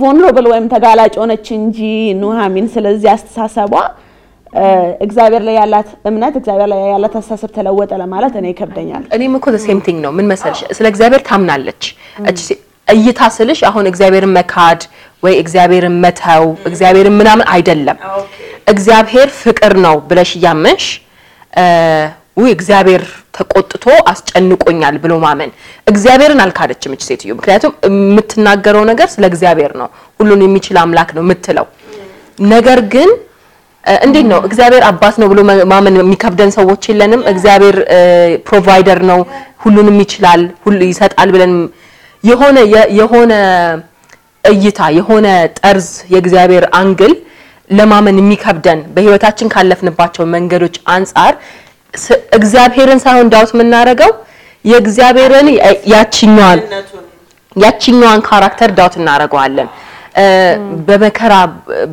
ቮንሮብል ወይም ተጋላጭ ሆነች እንጂ ኑሃሚን። ስለዚህ አስተሳሰቧ እግዚአብሔር ላይ ያላት እምነት እግዚአብሔር ላይ ያላት አስተሳሰብ ተለወጠ ለማለት እኔ ይከብደኛል። እኔም እኮ ዘ ሴም ቲንግ ነው። ምን መሰልሽ ስለ እግዚአብሔር ታምናለች እይታ ስልሽ አሁን እግዚአብሔርን መካድ ወይ እግዚአብሔርን መተው እግዚአብሔርን ምናምን አይደለም። እግዚአብሔር ፍቅር ነው ብለሽ እያመንሽ ውይ እግዚአብሔር ተቆጥቶ አስጨንቆኛል ብሎ ማመን። እግዚአብሔርን አልካደችም እች ሴትዮ፣ ምክንያቱም የምትናገረው ነገር ስለ እግዚአብሔር ነው። ሁሉን የሚችል አምላክ ነው የምትለው ነገር ግን እንዴት ነው እግዚአብሔር አባት ነው ብሎ ማመን የሚከብደን ሰዎች የለንም? እግዚአብሔር ፕሮቫይደር ነው፣ ሁሉንም ይችላል፣ ሁሉ ይሰጣል ብለን የሆነ የሆነ እይታ የሆነ ጠርዝ የእግዚአብሔር አንግል ለማመን የሚከብደን በህይወታችን ካለፍንባቸው መንገዶች አንጻር እግዚአብሔርን ሳይሆን ዳውት የምናደርገው የእግዚአብሔርን ያችኛዋን ያችኛዋን ካራክተር ዳውት እናደርገዋለን። በመከራ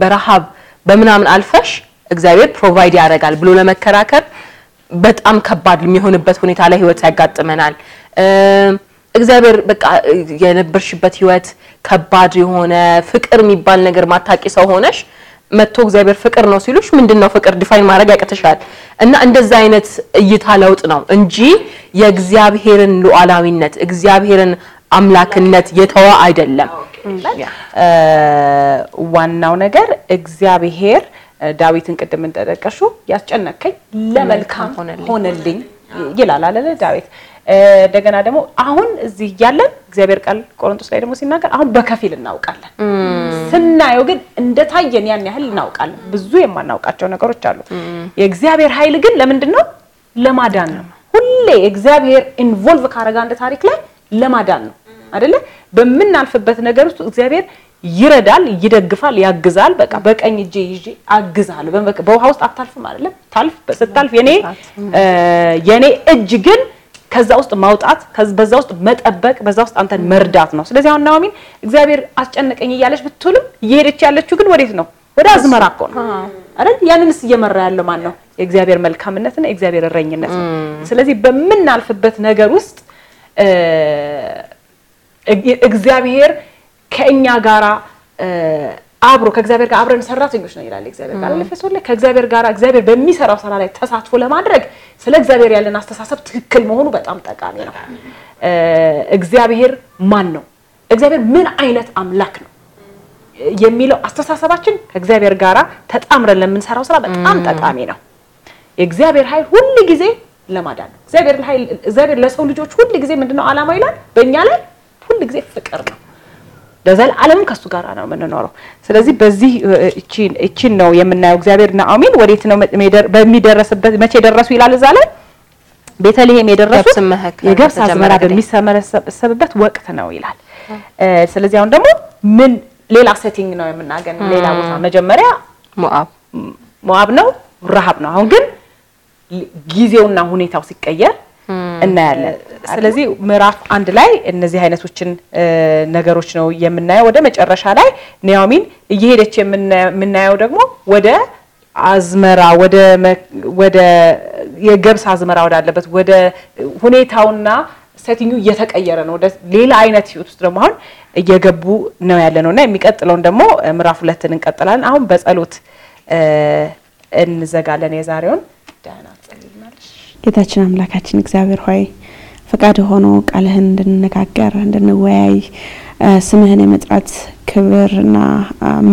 በረሃብ በምናምን አልፈሽ እግዚአብሔር ፕሮቫይድ ያደርጋል ብሎ ለመከራከር በጣም ከባድ የሚሆንበት ሁኔታ ላይ ህይወት ያጋጥመናል። እግዚአብሔር በቃ የነበርሽበት ህይወት ከባድ የሆነ ፍቅር የሚባል ነገር ማታቂ ሰው ሆነሽ መጥቶ እግዚአብሔር ፍቅር ነው ሲሉሽ ምንድነው ፍቅር ዲፋይን ማድረግ ያቅተሻል። እና እንደዛ አይነት እይታ ለውጥ ነው እንጂ የእግዚአብሔርን ሉዓላዊነት እግዚአብሔርን አምላክነት የተወ አይደለም። ዋናው ነገር እግዚአብሔር ዳዊትን ቅድም እንደጠቀሹ ያስጨነከኝ ለመልካም ሆነልኝ ይላል አለ ዳዊት እንደገና ደግሞ አሁን እዚህ እያለን እግዚአብሔር ቃል ቆሮንቶስ ላይ ደግሞ ሲናገር አሁን በከፊል እናውቃለን፣ ስናየው ግን እንደታየን ያን ያህል እናውቃለን። ብዙ የማናውቃቸው ነገሮች አሉ። የእግዚአብሔር ኃይል ግን ለምንድን ነው? ለማዳን ነው። ሁሌ እግዚአብሔር ኢንቮልቭ ካረጋ እንደ ታሪክ ላይ ለማዳን ነው አይደለ? በምናልፍበት ነገር ውስጥ እግዚአብሔር ይረዳል፣ ይደግፋል፣ ያግዛል። በቃ በቀኝ እጄ ይዤ አግዛል። በውሃ ውስጥ አታልፍም አይደለም? ታልፍ ስታልፍ የኔ የኔ እጅ ግን ከዛ ውስጥ ማውጣት፣ በዛ ውስጥ መጠበቅ፣ በዛ ውስጥ አንተን መርዳት ነው። ስለዚህ አሁን ናኦሚን እግዚአብሔር አስጨነቀኝ እያለች ብትውልም እየሄደች ያለችው ግን ወዴት ነው? ወደ አዝመራ እኮ ነው አይደል? ያንንስ እየመራ ያለው ማን ነው? የእግዚአብሔር መልካምነትና የእግዚአብሔር እረኝነት ነው። ስለዚህ በምናልፍበት ነገር ውስጥ እግዚአብሔር ከእኛ ጋራ አብሮ ከእግዚአብሔር ጋር አብረን ሰራተኞች ነው ይላል። እግዚአብሔር ጋር ለፈሶለ ከእግዚአብሔር ጋር እግዚአብሔር በሚሰራው ስራ ላይ ተሳትፎ ለማድረግ ስለ እግዚአብሔር ያለን አስተሳሰብ ትክክል መሆኑ በጣም ጠቃሚ ነው። እግዚአብሔር ማን ነው? እግዚአብሔር ምን አይነት አምላክ ነው የሚለው አስተሳሰባችን ከእግዚአብሔር ጋራ ተጣምረን ለምንሰራው ስራ በጣም ጠቃሚ ነው። የእግዚአብሔር ኃይል ሁል ጊዜ ለማዳን ነው። እግዚአብሔር ለሰው ልጆች ሁል ጊዜ ምንድነው አላማው ይላል። በእኛ ላይ ሁል ጊዜ ፍቅር ነው። ለዘላለምም ከሱ ጋር ነው የምንኖረው። ስለዚህ በዚህ እቺን ነው የምናየው። እግዚአብሔር ናኦሚን ወዴት ነው በሚደረስበት መቼ ደረሱ ይላል እዛ ላይ ቤተልሔም የደረሱት የገብስ አዝመራ በሚሰበሰብበት ወቅት ነው ይላል። ስለዚህ አሁን ደግሞ ምን ሌላ ሴቲንግ ነው የምናገኝ፣ ሌላ ቦታ መጀመሪያ ሞአብ ሞአብ ነው ረሃብ ነው። አሁን ግን ጊዜውና ሁኔታው ሲቀየር እናያለን። ስለዚህ ምዕራፍ አንድ ላይ እነዚህ አይነቶችን ነገሮች ነው የምናየው። ወደ መጨረሻ ላይ ኑያሚን እየሄደች የምናየው ደግሞ ወደ አዝመራ ወደ የገብስ አዝመራ ወዳለበት ወደ ሁኔታውና ሴቲንጉ እየተቀየረ ነው። ሌላ አይነት ህይወት ውስጥ ደግሞ አሁን እየገቡ ነው ያለ ነው እና የሚቀጥለውን ደግሞ ምዕራፍ ሁለትን እንቀጥላለን። አሁን በጸሎት እንዘጋለን የዛሬውን። ደህና ጌታችን አምላካችን እግዚአብሔር ሆይ ፈቃድ ሆኖ ቃልህን እንድንነጋገር እንድንወያይ ስምህን የመጥራት ክብርና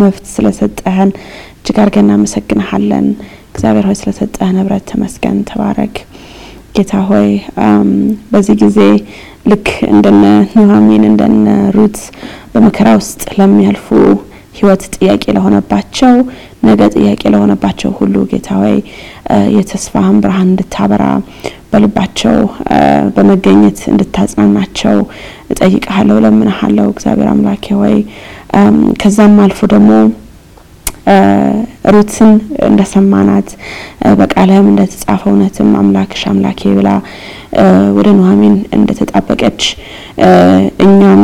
መብት ስለሰጠህን እጅግ አድርገን እናመሰግንሃለን። እግዚአብሔር ሆይ ስለሰጠህን ህብረት ተመስገን፣ ተባረክ። ጌታ ሆይ በዚህ ጊዜ ልክ እንደነ ኑሃሚን እንደነ ሩት በመከራ ውስጥ ለሚያልፉ ህይወት ጥያቄ ለሆነባቸው ነገ ጥያቄ ለሆነባቸው ሁሉ ጌታ ሆይ የተስፋህን ብርሃን እንድታበራ በልባቸው በመገኘት እንድታጽናናቸው እጠይቅሃለሁ፣ ለምንሃለሁ እግዚአብሔር አምላኬ ሆይ ከዛም አልፎ ደግሞ ሩትን እንደሰማናት በቃልህም እንደተጻፈ እውነትም አምላክሽ አምላኬ ብላ ወደ ኑሐሚን እንደተጣበቀች እኛም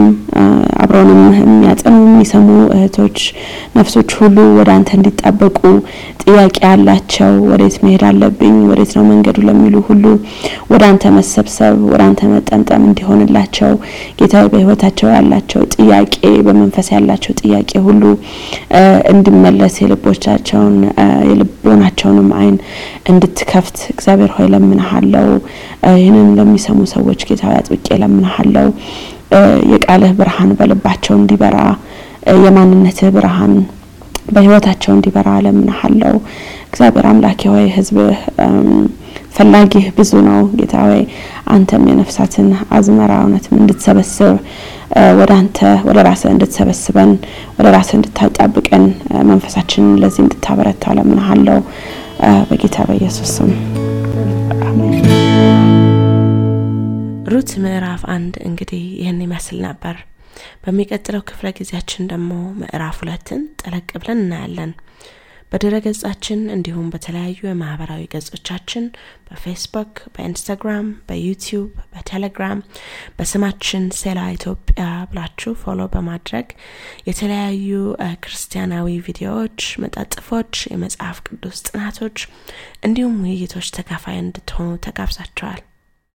አብረውንም የሚያጸኑ የሚሰሙ እህቶች ነፍሶች ሁሉ ወደ አንተ እንዲጣበቁ ጥያቄ ያላቸው ወዴት መሄድ አለብኝ፣ ወዴት ነው መንገዱ ለሚሉ ሁሉ ወደ አንተ መሰብሰብ፣ ወደ አንተ መጠምጠም እንዲሆንላቸው ጌታ በህይወታቸው ያላቸው ጥያቄ፣ በመንፈስ ያላቸው ጥያቄ ሁሉ እንዲመለስ የልቦቻቸው የልባቸውን የልቦናቸውንም አይን እንድትከፍት እግዚአብሔር ሆይ ለምንሃለው። ይህንን ለሚሰሙ ሰዎች ጌታ አጥብቄ ለምንሃለው። የቃልህ ብርሃን በልባቸው እንዲበራ የማንነትህ ብርሃን በህይወታቸው እንዲበራ ለምንሃለው። እግዚአብሔር አምላኬ ሆይ ህዝብህ ፈላጊህ ብዙ ነው። ጌታ ሆይ አንተም የነፍሳትን አዝመራ እውነትም እንድትሰበስብ ወደ አንተ ወደ ራስ እንድትሰበስበን ወደ ራስ እንድታጣብቀን መንፈሳችንን ለዚህ እንድታበረታ ለምንሃለው በጌታ በኢየሱስ ስም። ሩት ምዕራፍ አንድ እንግዲህ ይህን ይመስል ነበር። በሚቀጥለው ክፍለ ጊዜያችን ደግሞ ምዕራፍ ሁለትን ጠለቅ ብለን እናያለን። በድረ ገጻችን እንዲሁም በተለያዩ የማህበራዊ ገጾቻችን በፌስቡክ፣ በኢንስታግራም፣ በዩቲዩብ፣ በቴሌግራም በስማችን ሴላ ኢትዮጵያ ብላችሁ ፎሎ በማድረግ የተለያዩ ክርስቲያናዊ ቪዲዮዎች፣ መጣጥፎች፣ የመጽሐፍ ቅዱስ ጥናቶች እንዲሁም ውይይቶች ተካፋይ እንድትሆኑ ተጋብዛችኋል።